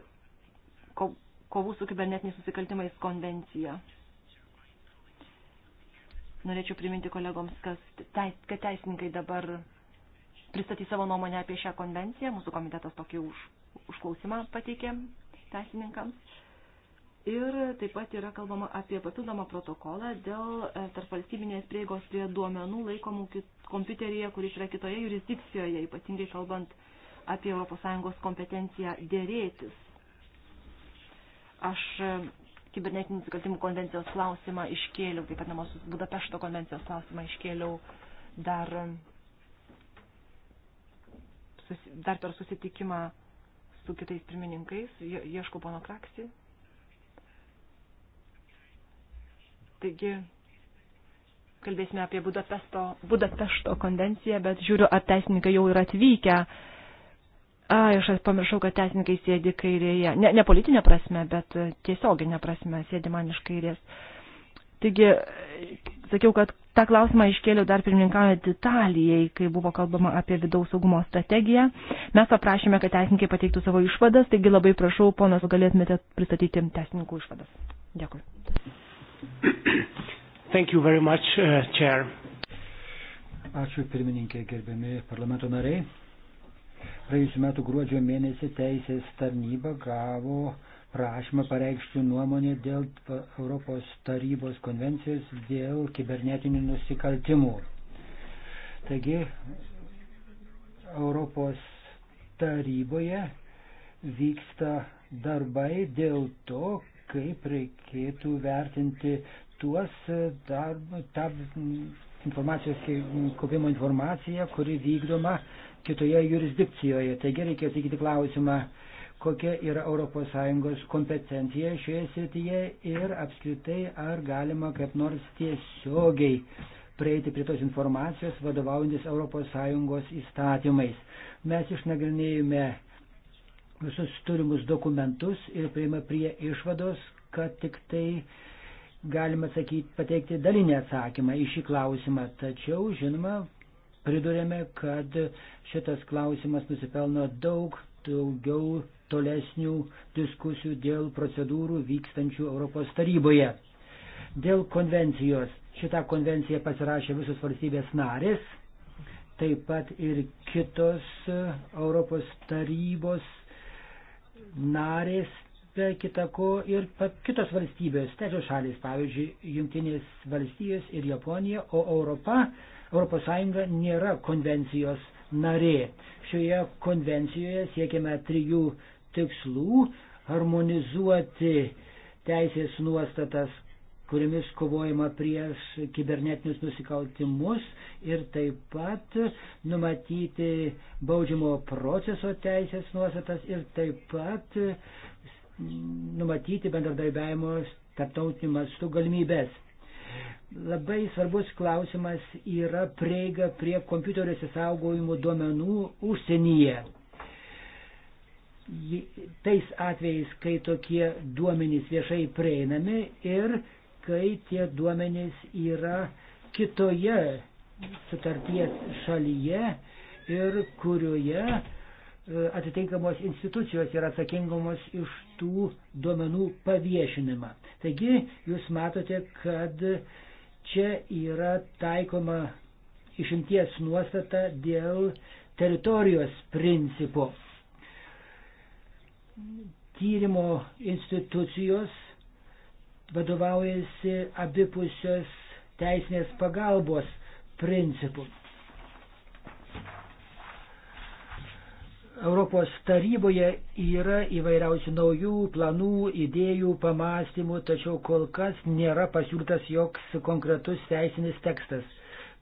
kovų su kibernetiniais susikaltimais konvencija. Norėčiau priminti kolegoms, kas, teis, kad teisininkai dabar pristatys savo nuomonę apie šią konvenciją. Mūsų komitetas tokį už, užklausimą pateikė teisininkams. Ir taip pat yra kalbama apie papildomą protokolą dėl e, tarpvalstybinės prieigos prie duomenų laikomų kompiuteryje, kuris yra kitoje jurisdikcijoje, ypatingai kalbant apie ES kompetenciją dėrėtis. Aš e, kibernetinių nusikaltimų konvencijos klausimą iškėliau, taip pat namosios Budapešto konvencijos klausimą iškėliau dar, e, dar per susitikimą su kitais pirmininkais, ieškau pono Kraksi Taigi, kalbėsime apie Budapesto, Budapešto konvenciją, bet žiūriu, ar teisininkai jau yra atvykę. A, aš pamiršau, kad teisininkai sėdi kairėje. Ne, ne politinė prasme, bet tiesioginė prasme sėdi man iš kairės. Taigi, sakiau, kad tą klausimą iškėliau dar pirmininkaujant Italijai, kai buvo kalbama apie vidaus saugumo strategiją. Mes paprašėme, kad teisininkai pateiktų savo išvadas, taigi labai prašau, ponas, galėtumėte pristatyti teisininkų išvadas. Dėkui. [coughs] Thank you very much, uh, Chair. Ačiū pirmininkė, gerbiami parlamento nariai. Praėjusiu metu gruodžio mėnesį teisės tarnyba gavo prašymą pareikšti nuomonę dėl Europos tarybos konvencijos dėl kibernetinių nusikaltimų. Taigi, Europos taryboje vyksta darbai dėl to, kaip reikėtų vertinti tuos darbą, tą informacijos kopimo informaciją, kuri vykdoma kitoje jurisdikcijoje. Taigi reikėtų sakyti klausimą, kokia yra ES kompetencija šioje srityje ir apskritai ar galima kaip nors tiesiogiai prieiti prie tos informacijos vadovaujantis ES įstatymais. Mes išnagrinėjome visus turimus dokumentus ir prieima prie išvados, kad tik tai galima sakyti, pateikti dalinį atsakymą į šį klausimą. Tačiau, žinoma, pridurėme, kad šitas klausimas nusipelno daug daugiau tolesnių diskusijų dėl procedūrų vykstančių Europos taryboje. Dėl konvencijos. Šitą konvenciją pasirašė visos valstybės narės, taip pat ir kitos Europos tarybos narės, be kita ko, ir kitos valstybės, trečios šalis, pavyzdžiui, Junktinės valstijos ir Japonija, o Europa, ES nėra konvencijos narė. Šioje konvencijoje siekiame trijų tikslų - harmonizuoti teisės nuostatas kuriomis kovojama prieš kibernetinius nusikaltimus ir taip pat numatyti baudžiamo proceso teisės nuostatas ir taip pat numatyti bendradarbiavimo tarptautiniu mastu galimybės. Labai svarbus klausimas yra prieiga prie kompiuteriuose saugojimų duomenų užsienyje tais atvejais, kai tokie duomenys viešai prieinami ir kai tie duomenys yra kitoje sutarties šalyje ir kurioje e, atitinkamos institucijos yra atsakingamos iš tų duomenų paviešinimą. Taigi jūs matote, kad čia yra taikoma išimties nuostata dėl teritorijos principo. Tyrimo institucijos vadovaujasi abipusios teisinės pagalbos principų. Europos taryboje yra įvairiausių naujų planų, idėjų, pamastymų, tačiau kol kas nėra pasiūlytas joks konkretus teisinis tekstas.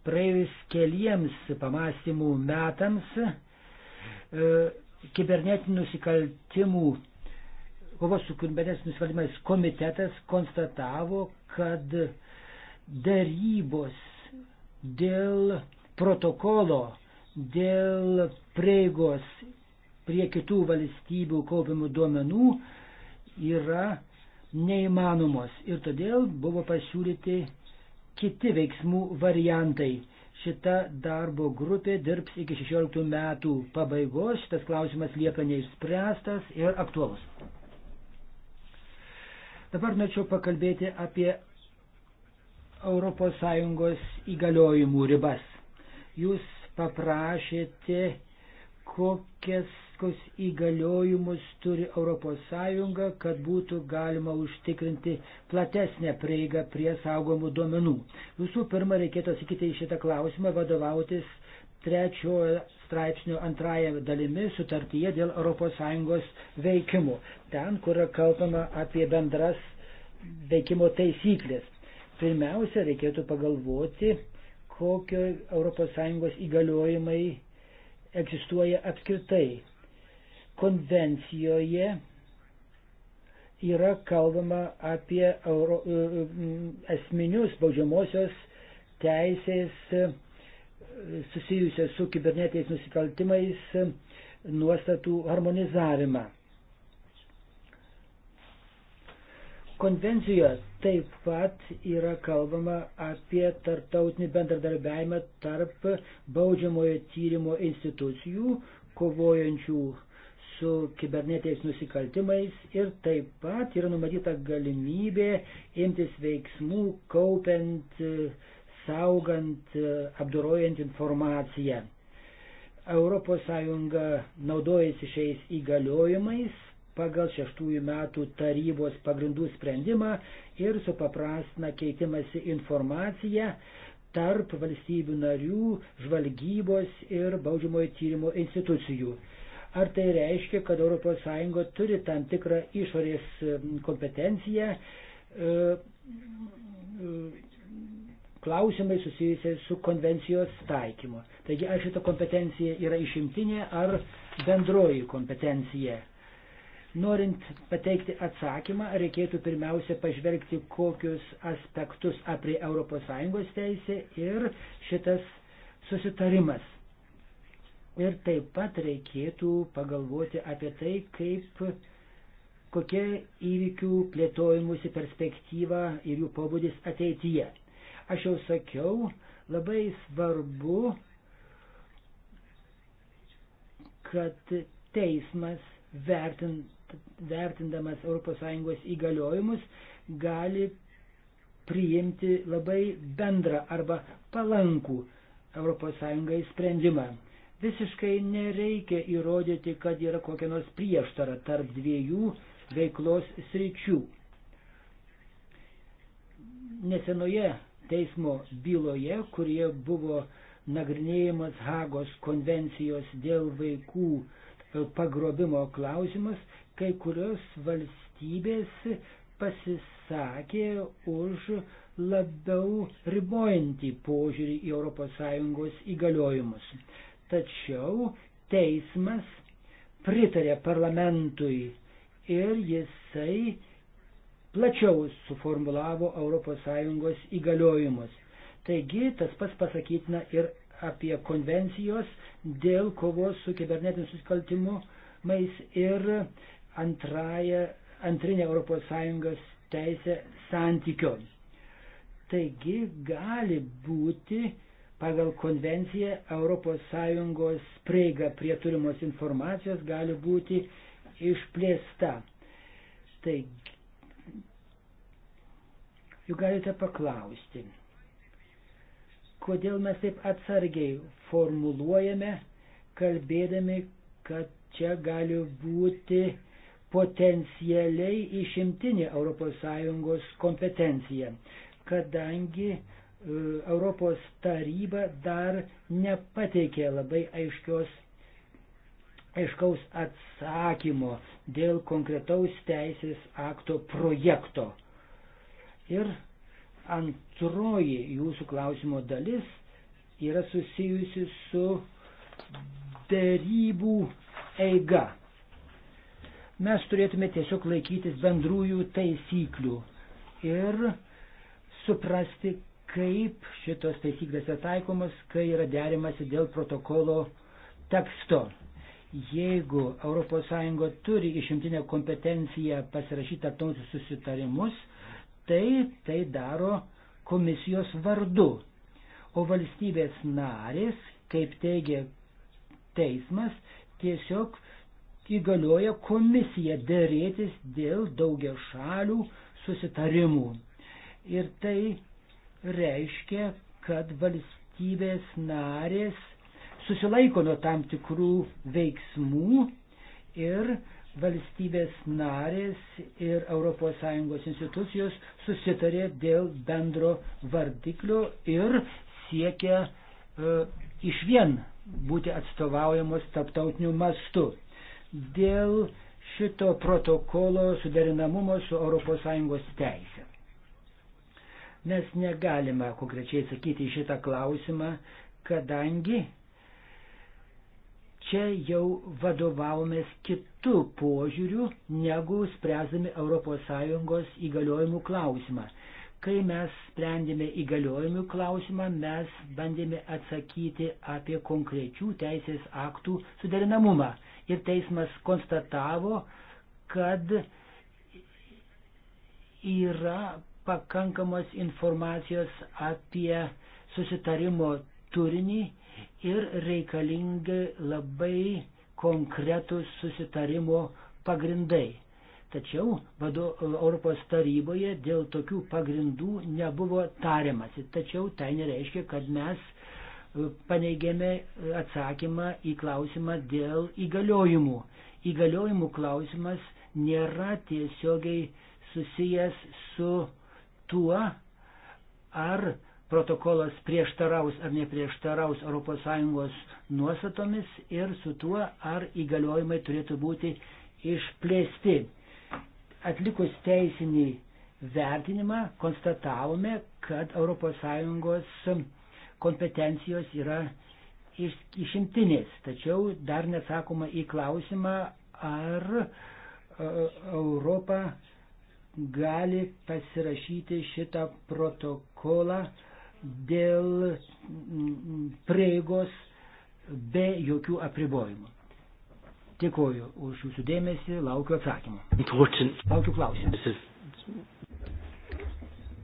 Praėjus keliems pamastymų metams e, kibernetinių nusikaltimų kovos su kriminalės nusikaltimais komitetas konstatavo, kad darybos dėl protokolo, dėl prieigos prie kitų valstybių kaupimų duomenų yra neįmanomos ir todėl buvo pasiūlyti kiti veiksmų variantai. Šita darbo grupė dirbs iki 16 metų pabaigos, šitas klausimas lieka neišspręstas ir aktuolus. Dabar norėčiau pakalbėti apie ES įgaliojimų ribas. Jūs paprašėte, kokias kokius įgaliojimus turi ES, kad būtų galima užtikrinti platesnę prieigą prie saugomų duomenų. Visų pirma, reikėtų atsakyti į šitą klausimą vadovautis trečiojo straipsnio antrąją dalimi sutartyje dėl ES veikimų. Ten, kur kalbama apie bendras veikimo taisyklės. Pirmiausia, reikėtų pagalvoti, kokio ES įgaliojimai egzistuoja apskritai. Konvencijoje yra kalbama apie euro, esminius baudžiamosios teisės susijusią su kibernetiniais nusikaltimais nuostatų harmonizavimą. Konvencijoje taip pat yra kalbama apie tarptautinį bendradarbiavimą tarp baudžiamojo tyrimo institucijų, kovojančių su kibernetiniais nusikaltimais ir taip pat yra numatyta galimybė imtis veiksmų, kaupiant uh, saugant, e, apdorojant informaciją. ES naudojasi šiais įgaliojimais pagal šeštųjų metų tarybos pagrindų sprendimą ir supaprastina keitimasi informaciją tarp valstybių narių, žvalgybos ir baudžiamojo tyrimo institucijų. Ar tai reiškia, kad ES turi tam tikrą išorės kompetenciją e, klausimai susijusiai su konvencijos taikymu. Taigi ar šita kompetencija yra išimtinė ar bendroji kompetencija. Norint pateikti atsakymą, reikėtų pirmiausia pažvelgti, kokius aspektus apie ES teisę ir šitas susitarimas. Ir taip pat reikėtų pagalvoti apie tai, kaip kokia įvykių plėtojimusi perspektyva ir jų pobūdis ateityje. Aš jau sakiau, labai svarbu, kad teismas vertint, vertindamas ES įgaliojimus gali priimti labai bendrą arba palankų ES sprendimą. Visiškai nereikia įrodyti, kad yra kokia nors prieštara tarp dviejų veiklos sričių. Nesenoje teismo byloje, kurie buvo nagrinėjimas Hagos konvencijos dėl vaikų e, pagrobimo klausimas, kai kurios valstybės pasisakė už labiau ribojantį požiūrį į ES įgaliojimus. Tačiau teismas pritarė parlamentui ir jisai plačiau suformulavo ES įgaliojimus. Taigi tas pats pasakytina ir apie konvencijos dėl kovos su kibernetiniu susikaltimu mais ir antraja, antrinė ES teisė santykio. Taigi gali būti pagal konvenciją ES prieiga prie turimos informacijos gali būti išplėsta. Taigi Juk galite paklausti, kodėl mes taip atsargiai formuluojame, kalbėdami, kad čia gali būti potencialiai išimtinė ES kompetencija, kadangi e, Europos taryba dar nepateikė labai aiškios, aiškaus atsakymo dėl konkretaus teisės akto projekto. Ir antroji jūsų klausimo dalis yra susijusi su dėrybų eiga. Mes turėtume tiesiog laikytis bendrųjų taisyklių ir suprasti, kaip šitos taisyklės yra taikomos, kai yra derimasi dėl protokolo teksto. Jeigu ES turi išimtinę kompetenciją pasirašyti tarptautinius susitarimus, tai tai daro komisijos vardu. O valstybės narės, kaip teigia teismas, tiesiog įgalioja komisiją dėrėtis dėl daugia šalių susitarimų. Ir tai reiškia, kad valstybės narės susilaiko nuo tam tikrų veiksmų ir valstybės narės ir ES institucijos susitarė dėl bendro vardiklio ir siekia uh, iš vien būti atstovaujamos taptautiniu mastu. Dėl šito protokolo suderinamumo su ES teisė. Mes negalime konkrečiai atsakyti į šitą klausimą, kadangi čia jau vadovavomės kitų požiūrių, negu spręsdami ES įgaliojimų klausimą. Kai mes sprendėme įgaliojimų klausimą, mes bandėme atsakyti apie konkrečių teisės aktų suderinamumą. Ir teismas konstatavo, kad yra pakankamos informacijos apie susitarimo turinį ir reikalingi labai konkretus susitarimo pagrindai. Tačiau vado, Europos taryboje dėl tokių pagrindų nebuvo tariamasi. Tačiau tai nereiškia, kad mes e, paneigėme atsakymą į klausimą dėl įgaliojimų. Įgaliojimų klausimas nėra tiesiogiai susijęs su tuo, ar protokolas prieštaraus ar neprieštaraus ES nuostatomis ir su tuo, ar įgaliojimai turėtų būti išplėsti. Atlikus teisinį vertinimą konstatavome, kad ES kompetencijos yra išimtinės, tačiau dar nesakoma į klausimą, ar e, Europa gali pasirašyti šitą protokolą dėl mm, mm, prieigos be jokių apribojimų. Dėkuoju už jūsų dėmesį, laukiu atsakymų. Laukiu klausimų.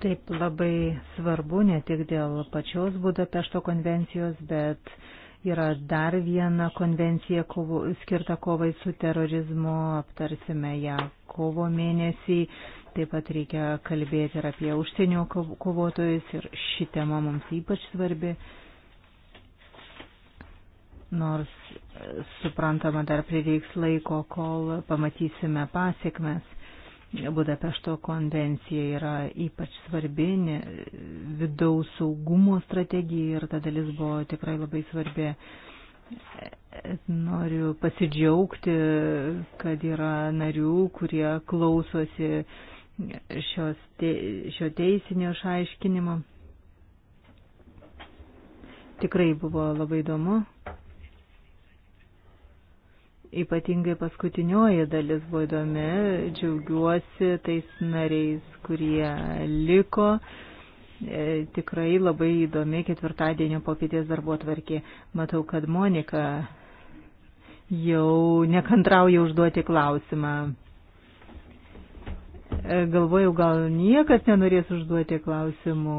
Taip labai svarbu ne tik dėl pačios Budapešto konvencijos, bet yra dar viena konvencija kovo, skirta kovai su terorizmu, aptarsime ją kovo mėnesį. Taip pat reikia kalbėti ir apie užsienio kovotojus ir ši tema mums ypač svarbi. Nors e, suprantama, dar prireiks laiko, kol pamatysime pasiekmes. Budapešto konvencija yra ypač svarbi, ne, vidaus saugumo strategija ir ta dalis buvo tikrai labai svarbi. E, noriu pasidžiaugti, kad yra narių, kurie klausosi uh, šios, te, šio teisinio išaiškinimo. Tikrai buvo labai įdomu. Ypatingai paskutinioji dalis buvo įdomi. Džiaugiuosi tais nariais, kurie liko e, tikrai labai įdomi ketvirtadienio popietės darbo tvarkė. Matau, kad Monika jau nekantrauja užduoti klausimą. E, galvojau, gal niekas nenorės užduoti klausimų.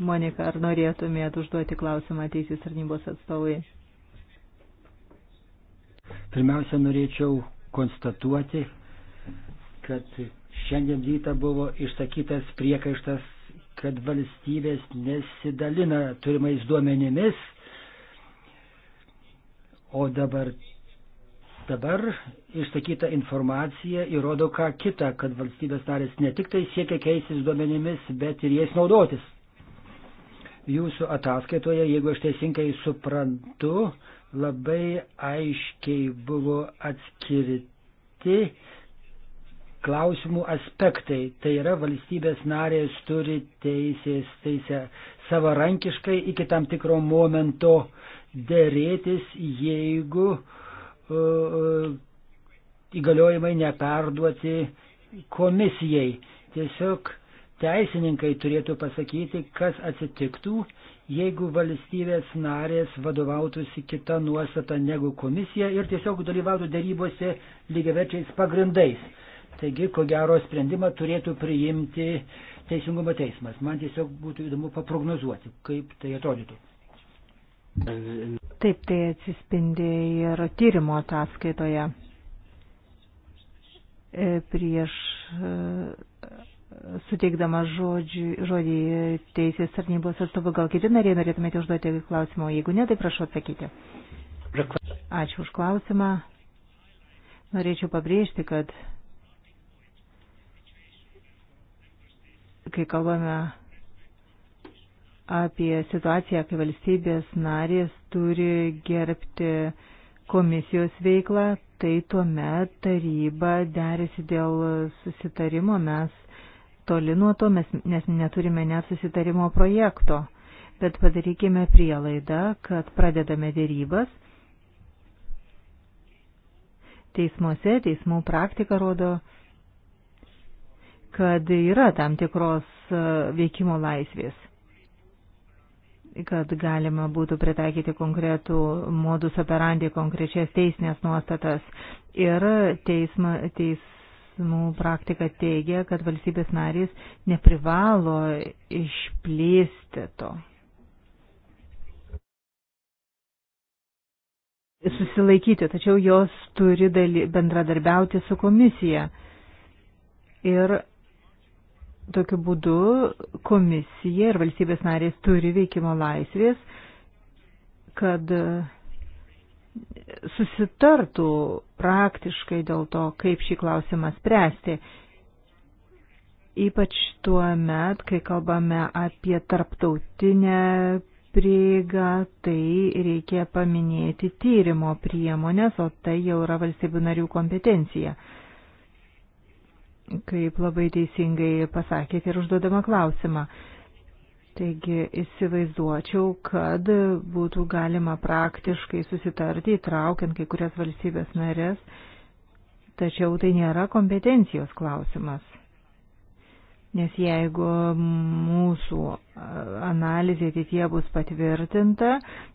Monika, ar norėtumėt užduoti klausimą teisės tarnybos atstovai? Pirmiausia, norėčiau konstatuoti, kad šiandien ryta buvo išsakytas priekaištas, kad valstybės nesidalina turimais duomenimis, o dabar Dabar išsakyta informacija įrodo ką kitą, kad valstybės narės ne tik tai siekia keistis duomenimis, bet ir jais naudotis. Jūsų ataskaitoje, jeigu aš teisingai suprantu, labai aiškiai buvo atskirti klausimų aspektai. Tai yra valstybės narės turi teisės, teisę savarankiškai iki tam tikro momento dėrėtis, jeigu uh, E, e, įgaliojimai neperduoti komisijai. Tiesiog teisininkai turėtų pasakyti, kas atsitiktų, jeigu valstybės narės vadovautųsi kita nuostata negu komisija ir tiesiog dalyvautų darybose lygiaverčiais pagrindais. Taigi, ko gero, sprendimą turėtų priimti Teisingumo teismas. Man tiesiog būtų įdomu paprognozuoti, kaip tai atrodytų. Taip, tai atsispindi ir tyrimo ataskaitoje. E, prieš e, suteikdama žodžių, žodį teisės tarnybos atstovų, gal kiti nariai norėtumėte užduoti klausimą, jeigu ne, tai prašau atsakyti. Ačiū už klausimą. Norėčiau pabrėžti, kad kai kalbame apie situaciją, kai valstybės narės turi gerbti komisijos veiklą, tai tuomet taryba derėsi dėl susitarimo, mes toli nuo to, mes, nes neturime net susitarimo projekto, bet padarykime prielaidą, kad pradedame dėrybas. Teismuose, teismų praktika rodo, kad yra tam tikros veikimo laisvės kad galima būtų pritaikyti konkretų modus operandi, konkrečias teisinės nuostatas. Ir teisma, teismų praktika teigia, kad valstybės narys neprivalo išplėsti to. Susilaikyti, tačiau jos turi daly, bendradarbiauti su komisija. Ir Tokiu būdu komisija ir valstybės narės turi veikimo laisvės, kad susitartų praktiškai dėl to, kaip šį klausimą spręsti. Ypač tuo met, kai kalbame apie tarptautinę prieigą, tai reikia paminėti tyrimo priemonės, o tai jau yra valstybių narių kompetencija kaip labai teisingai pasakėte ir užduodama klausimą. Taigi įsivaizduočiau, kad būtų galima praktiškai susitarti, įtraukiant kai kurias valstybės narės, tačiau tai nėra kompetencijos klausimas. Nes jeigu mūsų analizė ateityje bus patvirtinta,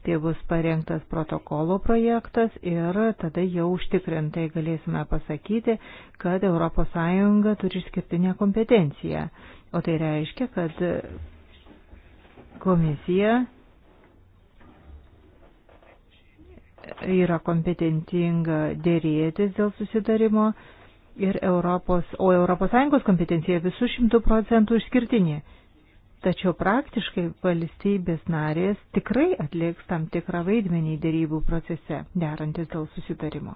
tai bus parengtas protokolo projektas ir tada jau užtikrintai galėsime pasakyti, kad ES turi išskirtinę kompetenciją. O tai reiškia, kad komisija yra kompetentinga dėrėtis dėl susidarimo ir Europos, o ES kompetencija visų šimtų procentų išskirtinė. Tačiau praktiškai valstybės narės tikrai atliks tam tikrą vaidmenį dėrybų procese, derantis dėl susitarimo.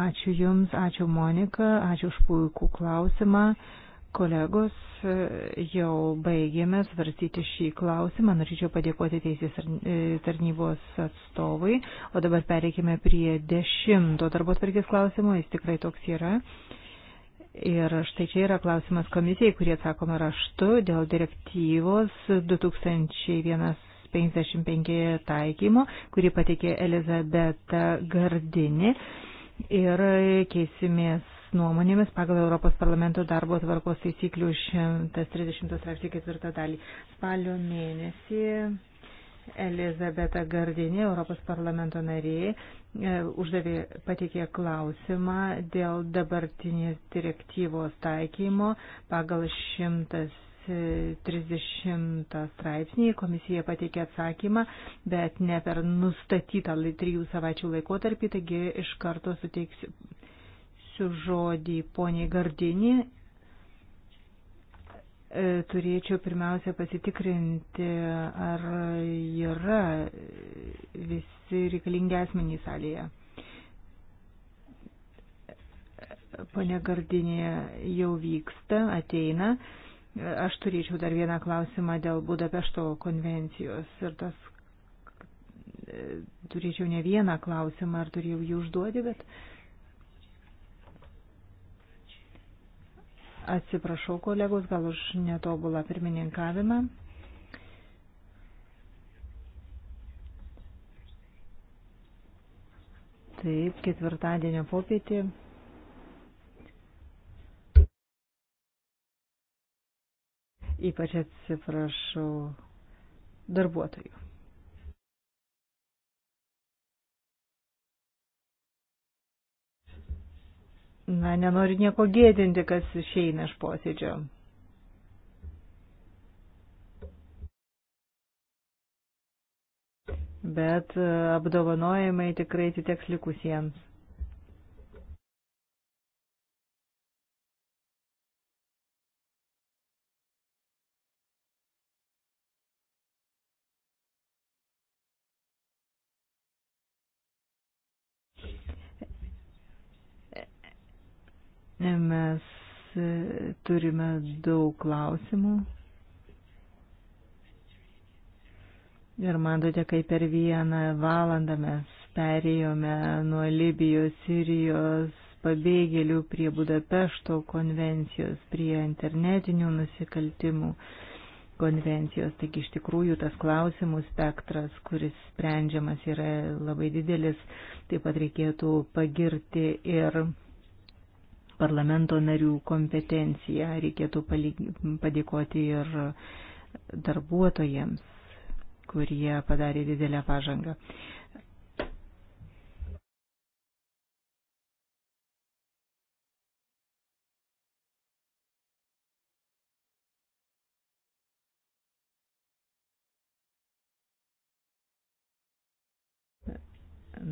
Ačiū Jums, ačiū Monika, ačiū už puikų klausimą kolegos, jau baigėme svarstyti šį klausimą. Norėčiau padėkoti teisės e, tarnybos atstovai. O dabar pereikime prie dešimto darbo tvarkės klausimo. Jis tikrai toks yra. Ir štai čia yra klausimas komisijai, kurie atsakoma raštu dėl direktyvos 2155 taikymo, kurį patikė Elizabeta Gardini. Ir keisimės nuomonėmis pagal Europos parlamento darbo tvarkos taisyklių 130 straipsnį ketvirtą dalį. Spalio mėnesį Elizabeta Gardinė, Europos parlamento narė, e, uždavė patikė klausimą dėl dabartinės direktyvos taikymo pagal 100. 30 straipsnį komisija pateikė atsakymą, bet ne per nustatytą trijų savaičių laikotarpį, taigi iš karto suteiksiu, suteiksiu žodį poniai Gardinį. E, turėčiau pirmiausia pasitikrinti, ar yra visi reikalingi asmenys salėje. Pone Gardinė jau vyksta, ateina. Aš turėčiau dar vieną klausimą dėl Budapešto konvencijos ir tas e, turėčiau ne vieną klausimą, ar turėjau jį užduoti, bet Atsiprašau kolegos, gal už netobulą pirmininkavimą. Taip, ketvirtadienio popietį. Ypač atsiprašau darbuotojų. Na, nenoriu nieko gėdinti, kas išeina iš posėdžio. Bet e, apdovanojimai tikrai atiteks likusiems. Mes e, turime daug klausimų. Ir matote, kaip per vieną valandą mes perėjome nuo Libijos, Sirijos pabėgėlių prie Budapešto konvencijos, prie internetinių nusikaltimų konvencijos. Taigi iš tikrųjų tas klausimų spektras, kuris sprendžiamas, yra labai didelis. Taip pat reikėtų pagirti ir parlamento narių kompetencija. Reikėtų padėkoti ir darbuotojams, kurie padarė didelę pažangą.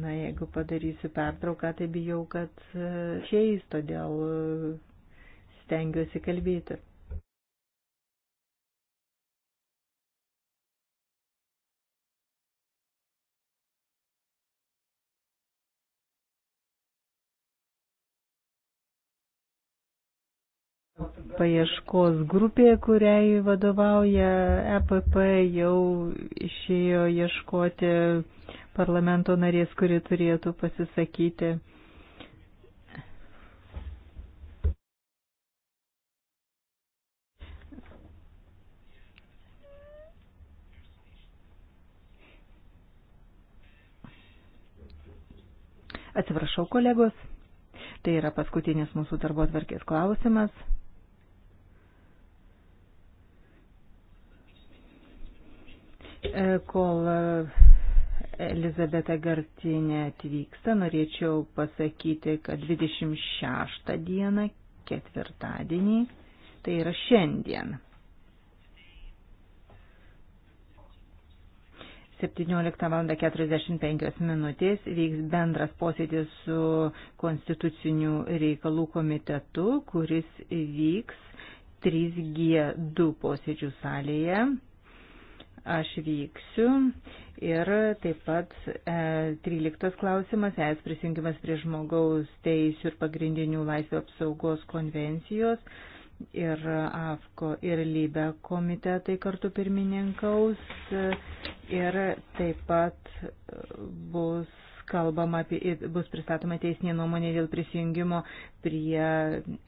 Na, jeigu padarysiu pertrauką, tai bijau, kad e, šiais, todėl e, stengiuosi kalbėti. paieškos grupė, kuriai vadovauja EPP, jau išėjo ieškoti parlamento narės, kuri turėtų pasisakyti. Atsiprašau, kolegos. Tai yra paskutinis mūsų darbo atvarkės klausimas. E, kol Elizabeta Gartinė atvyksta, norėčiau pasakyti, kad 26 dieną, ketvirtadienį, tai yra šiandien. 17.45 minutės vyks bendras posėdis su konstitucinių reikalų komitetu, kuris vyks 3G2 posėdžių salėje aš vyksiu. Ir taip pat e, 13 klausimas, es prisijungimas prie žmogaus teisų ir pagrindinių laisvių apsaugos konvencijos. Ir AFKO ir LYBE komitetai kartu pirmininkaus. E, ir taip pat e, bus kalbama apie, bus pristatoma teisinė nuomonė dėl prisijungimo prie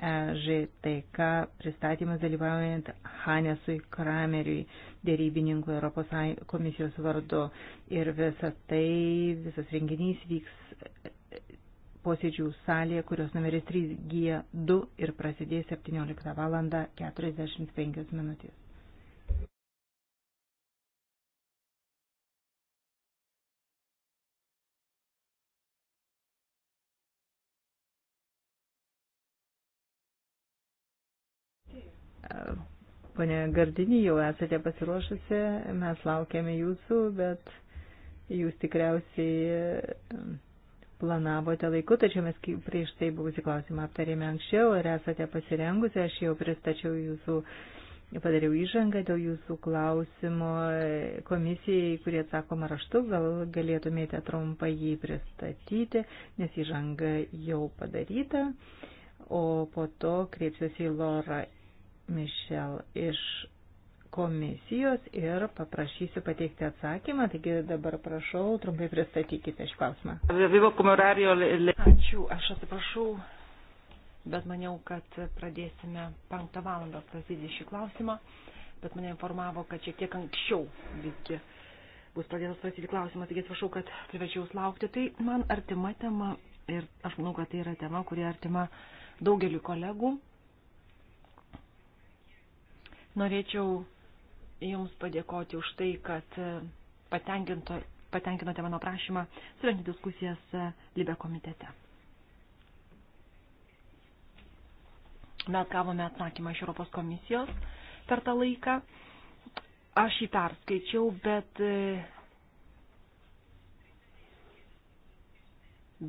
e ŽTK pristatymas dalyvaujant Hanesui Krameriui, dėrybininkui Europos komisijos vardu. Ir visa tai, visas renginys vyks posėdžių salėje, kurios numeris 3G2 ir prasidės 17 val. 45 minutės. Pane Gardinį, jau esate pasiruošusi, mes laukiame jūsų, bet jūs tikriausiai planavote laiku, tačiau mes prieš tai buvusi klausimą aptarėme anksčiau, ar esate pasirengusi, aš jau pristačiau jūsų, padariau įžangą dėl jūsų klausimo komisijai, kurie atsakoma raštu, gal galėtumėte trumpai jį pristatyti, nes įžanga jau padaryta, o po to kreipsiuosi į Lorą Mišel iš komisijos ir paprašysiu pateikti atsakymą. Taigi dabar prašau, trumpai pristatykite šį klausimą. Ačiū, aš atsiprašau, bet maniau, kad pradėsime penktą valandą aptarsyti šį klausimą, bet mane informavo, kad šiek tiek anksčiau visgi bus pradėtas svarstyti klausimas, taigi atsiprašau, kad privečiau laukti. Tai man artima tema ir aš manau, kad tai yra tema, kuri artima daugeliu kolegų Norėčiau Jums padėkoti už tai, kad e, patenkinote mano prašymą surengti diskusijas e, Libe komitete. Mes gavome atsakymą iš Europos komisijos per tą laiką. Aš jį perskaičiau, bet, e,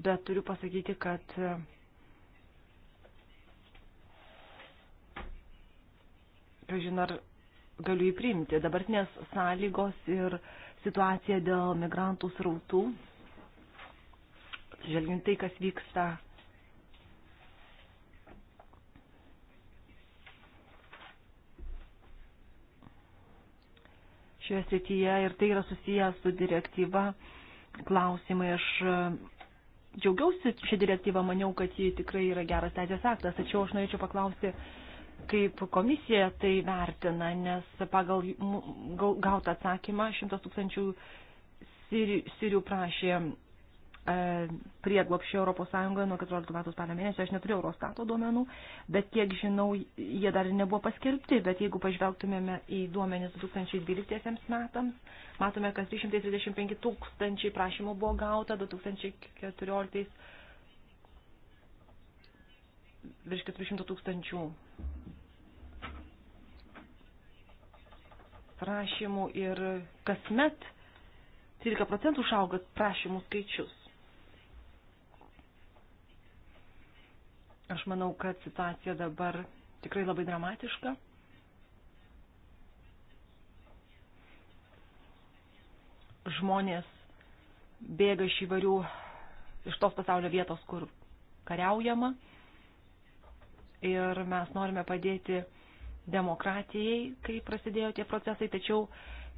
bet turiu pasakyti, kad kažin ar galiu įprimti. Dabartinės sąlygos ir situacija dėl migrantų srautų, žvelgiant tai, kas vyksta šioje srityje ir tai yra susijęs su direktyva klausimai. Aš e, džiaugiausi šią direktyvą, maniau, kad ji tikrai yra geras teisės aktas, tačiau aš norėčiau paklausti, kaip komisija tai vertina, nes pagal gautą atsakymą 100 tūkstančių sirių prašė e, prieglopščio Europos Sąjungoje nuo 14 metų spalio mėnesio, aš neturiu Eurostato duomenų, bet kiek žinau, jie dar nebuvo paskelbti, bet jeigu pažvelgtumėme į duomenis 2012 metams, matome, kad 335 tūkstančiai prašymų buvo gauta, 2014 virš 400 tūkstančių prašymų ir kasmet 13 procentų išauga prašymų skaičius. Aš manau, kad situacija dabar tikrai labai dramatiška. Žmonės bėga iš įvarių, iš tos pasaulio vietos, kur kariaujama. Ir mes norime padėti demokratijai, kai prasidėjo tie procesai, tačiau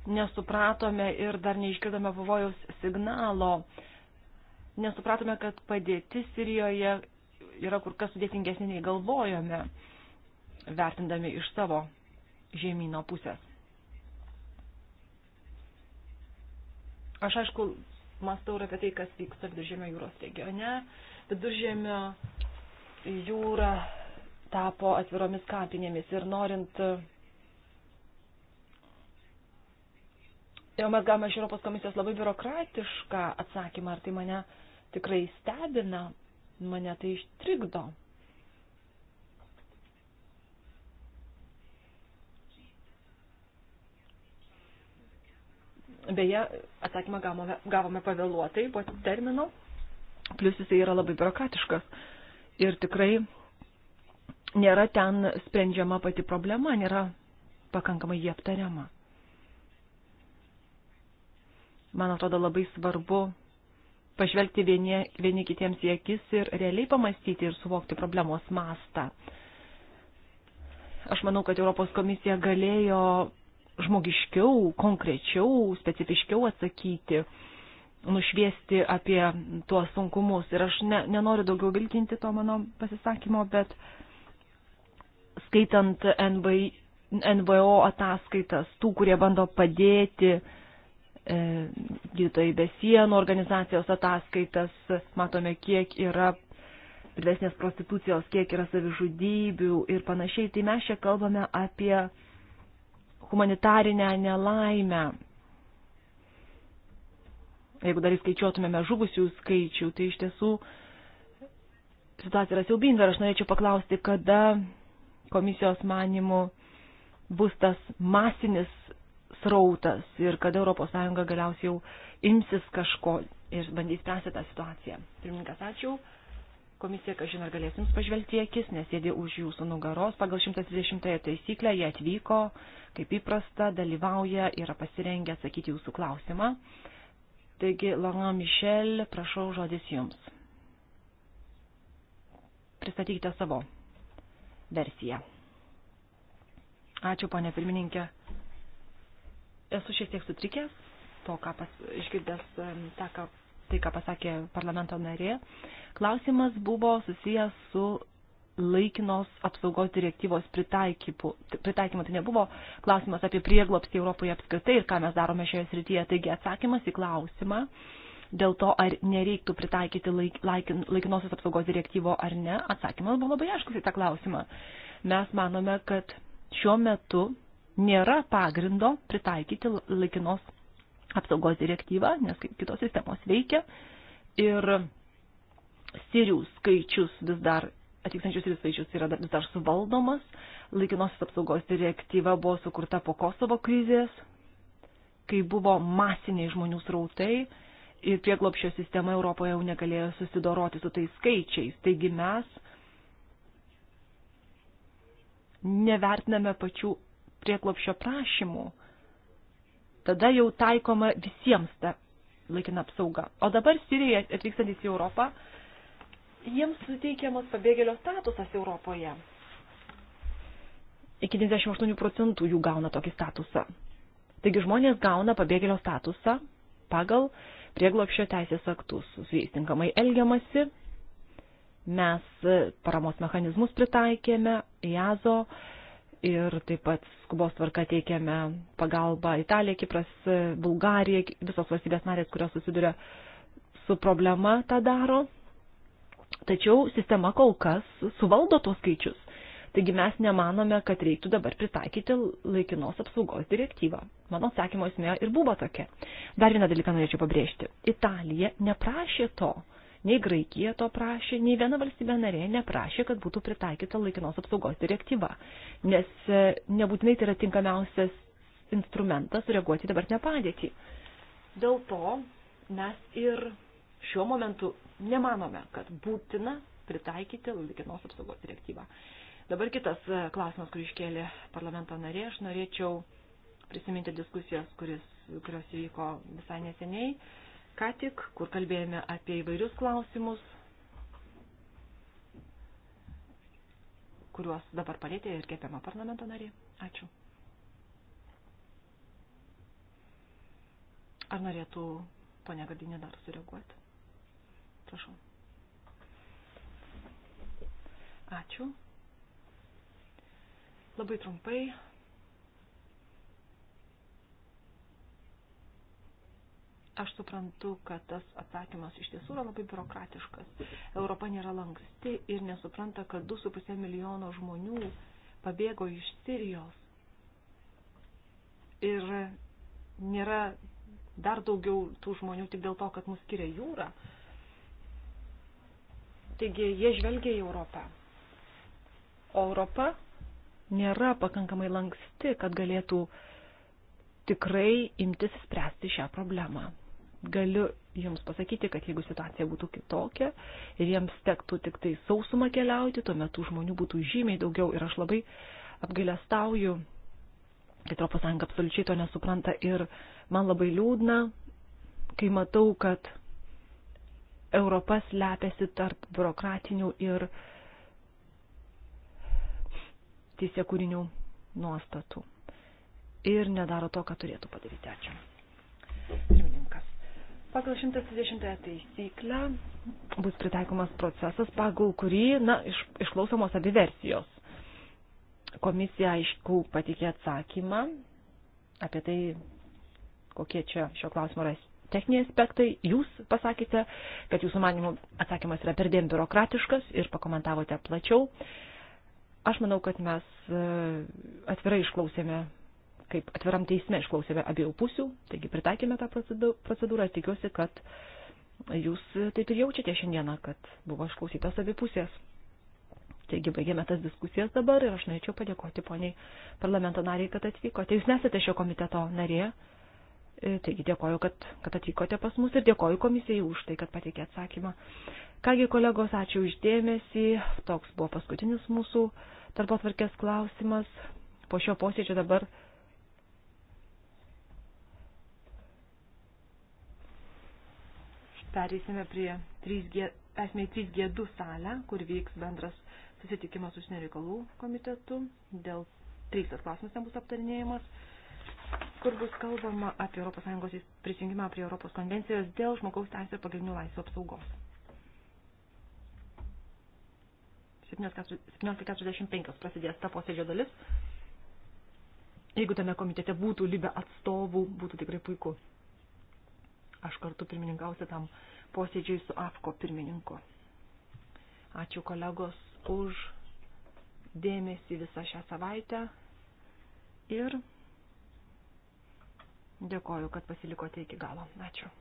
nesupratome ir dar neišgirdome pavojaus signalo. Nesupratome, kad padėtis Sirijoje yra kur kas sudėtingesnė nei galvojome, vertindami iš savo žemyno pusės. Aš aišku, mastau ir apie tai, kas vyksta Viduržėmio jūros regione. Viduržėmio jūra tapo atviromis kapinėmis ir norint. Jau e, mes gavome iš Europos komisijos labai biurokratišką atsakymą, ar tai mane tikrai stebina, mane tai ištrikdo. Beje, atsakymą gavome, gavome pavėluotai po termino, plus jisai yra labai biurokratiškas. Ir tikrai nėra ten sprendžiama pati problema, nėra pakankamai jie aptariama. Man atrodo labai svarbu pažvelgti vieni, vieni kitiems į akis ir realiai pamastyti ir suvokti problemos mastą. Aš manau, kad Europos komisija galėjo žmogiškiau, konkrečiau, specifiškiau atsakyti, nušviesti apie tuos sunkumus. Ir aš ne, nenoriu daugiau vilkinti to mano pasisakymo, bet uh, skaitant NBI, NVO ataskaitas, tų, kurie bando padėti e, gydytojai be sienų organizacijos ataskaitas, matome, kiek yra didesnės prostitucijos, kiek yra savižudybių ir panašiai. Tai mes čia kalbame apie humanitarinę nelaimę. Jeigu dar įskaičiuotumėme žuvusių skaičių, tai iš tiesų situacija yra siaubinga ir aš norėčiau paklausti, kada komisijos manimų bus tas masinis srautas ir kad ES galiausiai jau imsis kažko ir bandys spręsti tą situaciją. Pirmininkas, ačiū. Komisija, kažin ar galės jums pažvelgti akis, nes sėdė už jūsų nugaros. Pagal 120 taisyklę jie atvyko, kaip įprasta, dalyvauja, yra pasirengę atsakyti jūsų klausimą. Taigi, Laurent Michel, prašau žodis jums. Pristatykite savo versiją. Ačiū, ponė pirmininkė. Esu šiek tiek sutrikęs to, ką pas, išgirdęs tą, ką, tai, ką pasakė parlamento narė. Klausimas buvo susijęs su laikinos apsaugos direktyvos pritaikymu. Tai nebuvo klausimas apie prieglopstį Europoje apskritai ir ką mes darome šioje srityje. Taigi atsakymas į klausimą, dėl to, ar nereiktų pritaikyti laik, laikin, laikinosios apsaugos direktyvo ar ne, atsakymas buvo labai aiškus į tą klausimą. Mes manome, kad šiuo metu nėra pagrindo pritaikyti laikinos apsaugos direktyvą, nes kitos sistemos veikia ir sirių skaičius vis dar atvykstančių sirių skaičius yra vis dar suvaldomas. Laikinosios apsaugos direktyva buvo sukurta po Kosovo krizės, kai buvo masiniai žmonių srautai ir prieglopščio sistema Europoje jau negalėjo susidoroti su tais skaičiais. Taigi mes nevertiname pačių prieglopščio prašymų. Tada jau taikoma visiems ta laikina apsauga. O dabar Sirijoje atvykstantys į Europą, jiems suteikiamas pabėgėlio statusas Europoje. Iki 98 procentų jų gauna tokį statusą. Taigi žmonės gauna pabėgėlio statusą pagal uh, prieglopščio teisės aktus, su jais tinkamai elgiamasi. Mes e, paramos mechanizmus pritaikėme, JAZO ir taip pat skubos tvarka teikėme pagalbą Italija, Kipras, e, Bulgarija, visos valstybės narės, kurios susiduria su problema, tą daro. Tačiau sistema kol kas suvaldo tuos skaičius. Taigi mes nemanome, kad reiktų dabar pritaikyti laikinos apsaugos direktyvą. Mano atsakymo esmė ir buvo tokia. Dar vieną dalyką norėčiau pabrėžti. Italija neprašė to. Nei Graikija to prašė, nei viena valstybė narė neprašė, kad būtų pritaikyta laikinos apsaugos direktyva, nes e, nebūtinai tai yra tinkamiausias instrumentas reaguoti dabartinę padėtį. Dėl to mes ir šiuo momentu nemanome, kad būtina pritaikyti laikinos apsaugos direktyvą. Dabar kitas e, klausimas, kurį iškėlė parlamento narė, aš norėčiau prisiminti diskusijas, kuris, kurios įvyko visai neseniai, ką tik, kur kalbėjome apie įvairius klausimus, kuriuos dabar palėtė ir gerbiama parlamento narė. Ačiū. Ar norėtų ponia Gardinė dar sureaguoti? Prašau. Ačiū. Labai trumpai. Aš suprantu, kad tas atsakymas iš tiesų yra labai biurokratiškas. Europa nėra lanksti ir nesupranta, kad 2,5 milijono žmonių pabėgo iš Sirijos. Ir nėra dar daugiau tų žmonių tik dėl to, kad mus skiria jūra. Taigi jie žvelgia į Europą. O Europa nėra pakankamai lanksti, kad galėtų tikrai imtis spręsti šią problemą. Galiu Jums pasakyti, kad jeigu situacija būtų kitokia ir jiems tektų tik tai sausumą keliauti, tuomet tų žmonių būtų žymiai daugiau ir aš labai apgailestauju, kad Europos Sąjunga absoliučiai to nesupranta ir man labai liūdna, kai matau, kad Europa slepiasi tarp biurokratinių ir uh, teisė kūrinių nuostatų. Ir nedaro to, ką turėtų padaryti. Ačiū. Pirmininkas. Pagal 120 taisyklę bus pritaikomas procesas, pagal kurį, na, iš, išklausomos abi versijos. Komisija, aišku, patikė atsakymą apie tai, kokie čia šio klausimo yra techniniai aspektai. Jūs pasakėte, kad jūsų manimų atsakymas yra perdėm biurokratiškas ir pakomentavote plačiau. Uh, Aš manau, kad mes e, atvirai išklausėme, kaip atviram teisme išklausėme abiejų pusių, taigi pritaikėme tą procedūrą. Tikiuosi, kad jūs taip ir jaučiate šiandieną, kad buvo išklausytas abi pusės. Taigi baigėme tas diskusijas dabar ir aš norėčiau padėkoti poniai parlamento nariai, kad atvykote. Jūs nesate šio komiteto narė, E, taigi dėkoju, kad, kad atvykote pas mus ir dėkoju komisijai už tai, kad pateikė atsakymą. Kągi kolegos, ačiū uždėmesį. Toks buvo paskutinis mūsų darbo tvarkės klausimas. Po šio posėdžio dabar. Perėsime prie 3G, esmei 3G2 salę, kur vyks bendras susitikimas užsienio reikalų komitetu. Dėl 13 klausimas ten bus aptarinėjimas kur bus kalbama apie ES prisijungimą prie Europos konvencijos dėl žmogaus teisų ir pagrindinių laisvų apsaugos. 17.45 prasidės ta posėdžio dalis. Jeigu tame komitete būtų libe atstovų, būtų tikrai puiku. Aš kartu pirmininkausiu tam posėdžiui su AFKO pirmininku. Ačiū kolegos už dėmesį visą šią savaitę ir Dėkoju, kad pasilikote iki galo. Ačiū.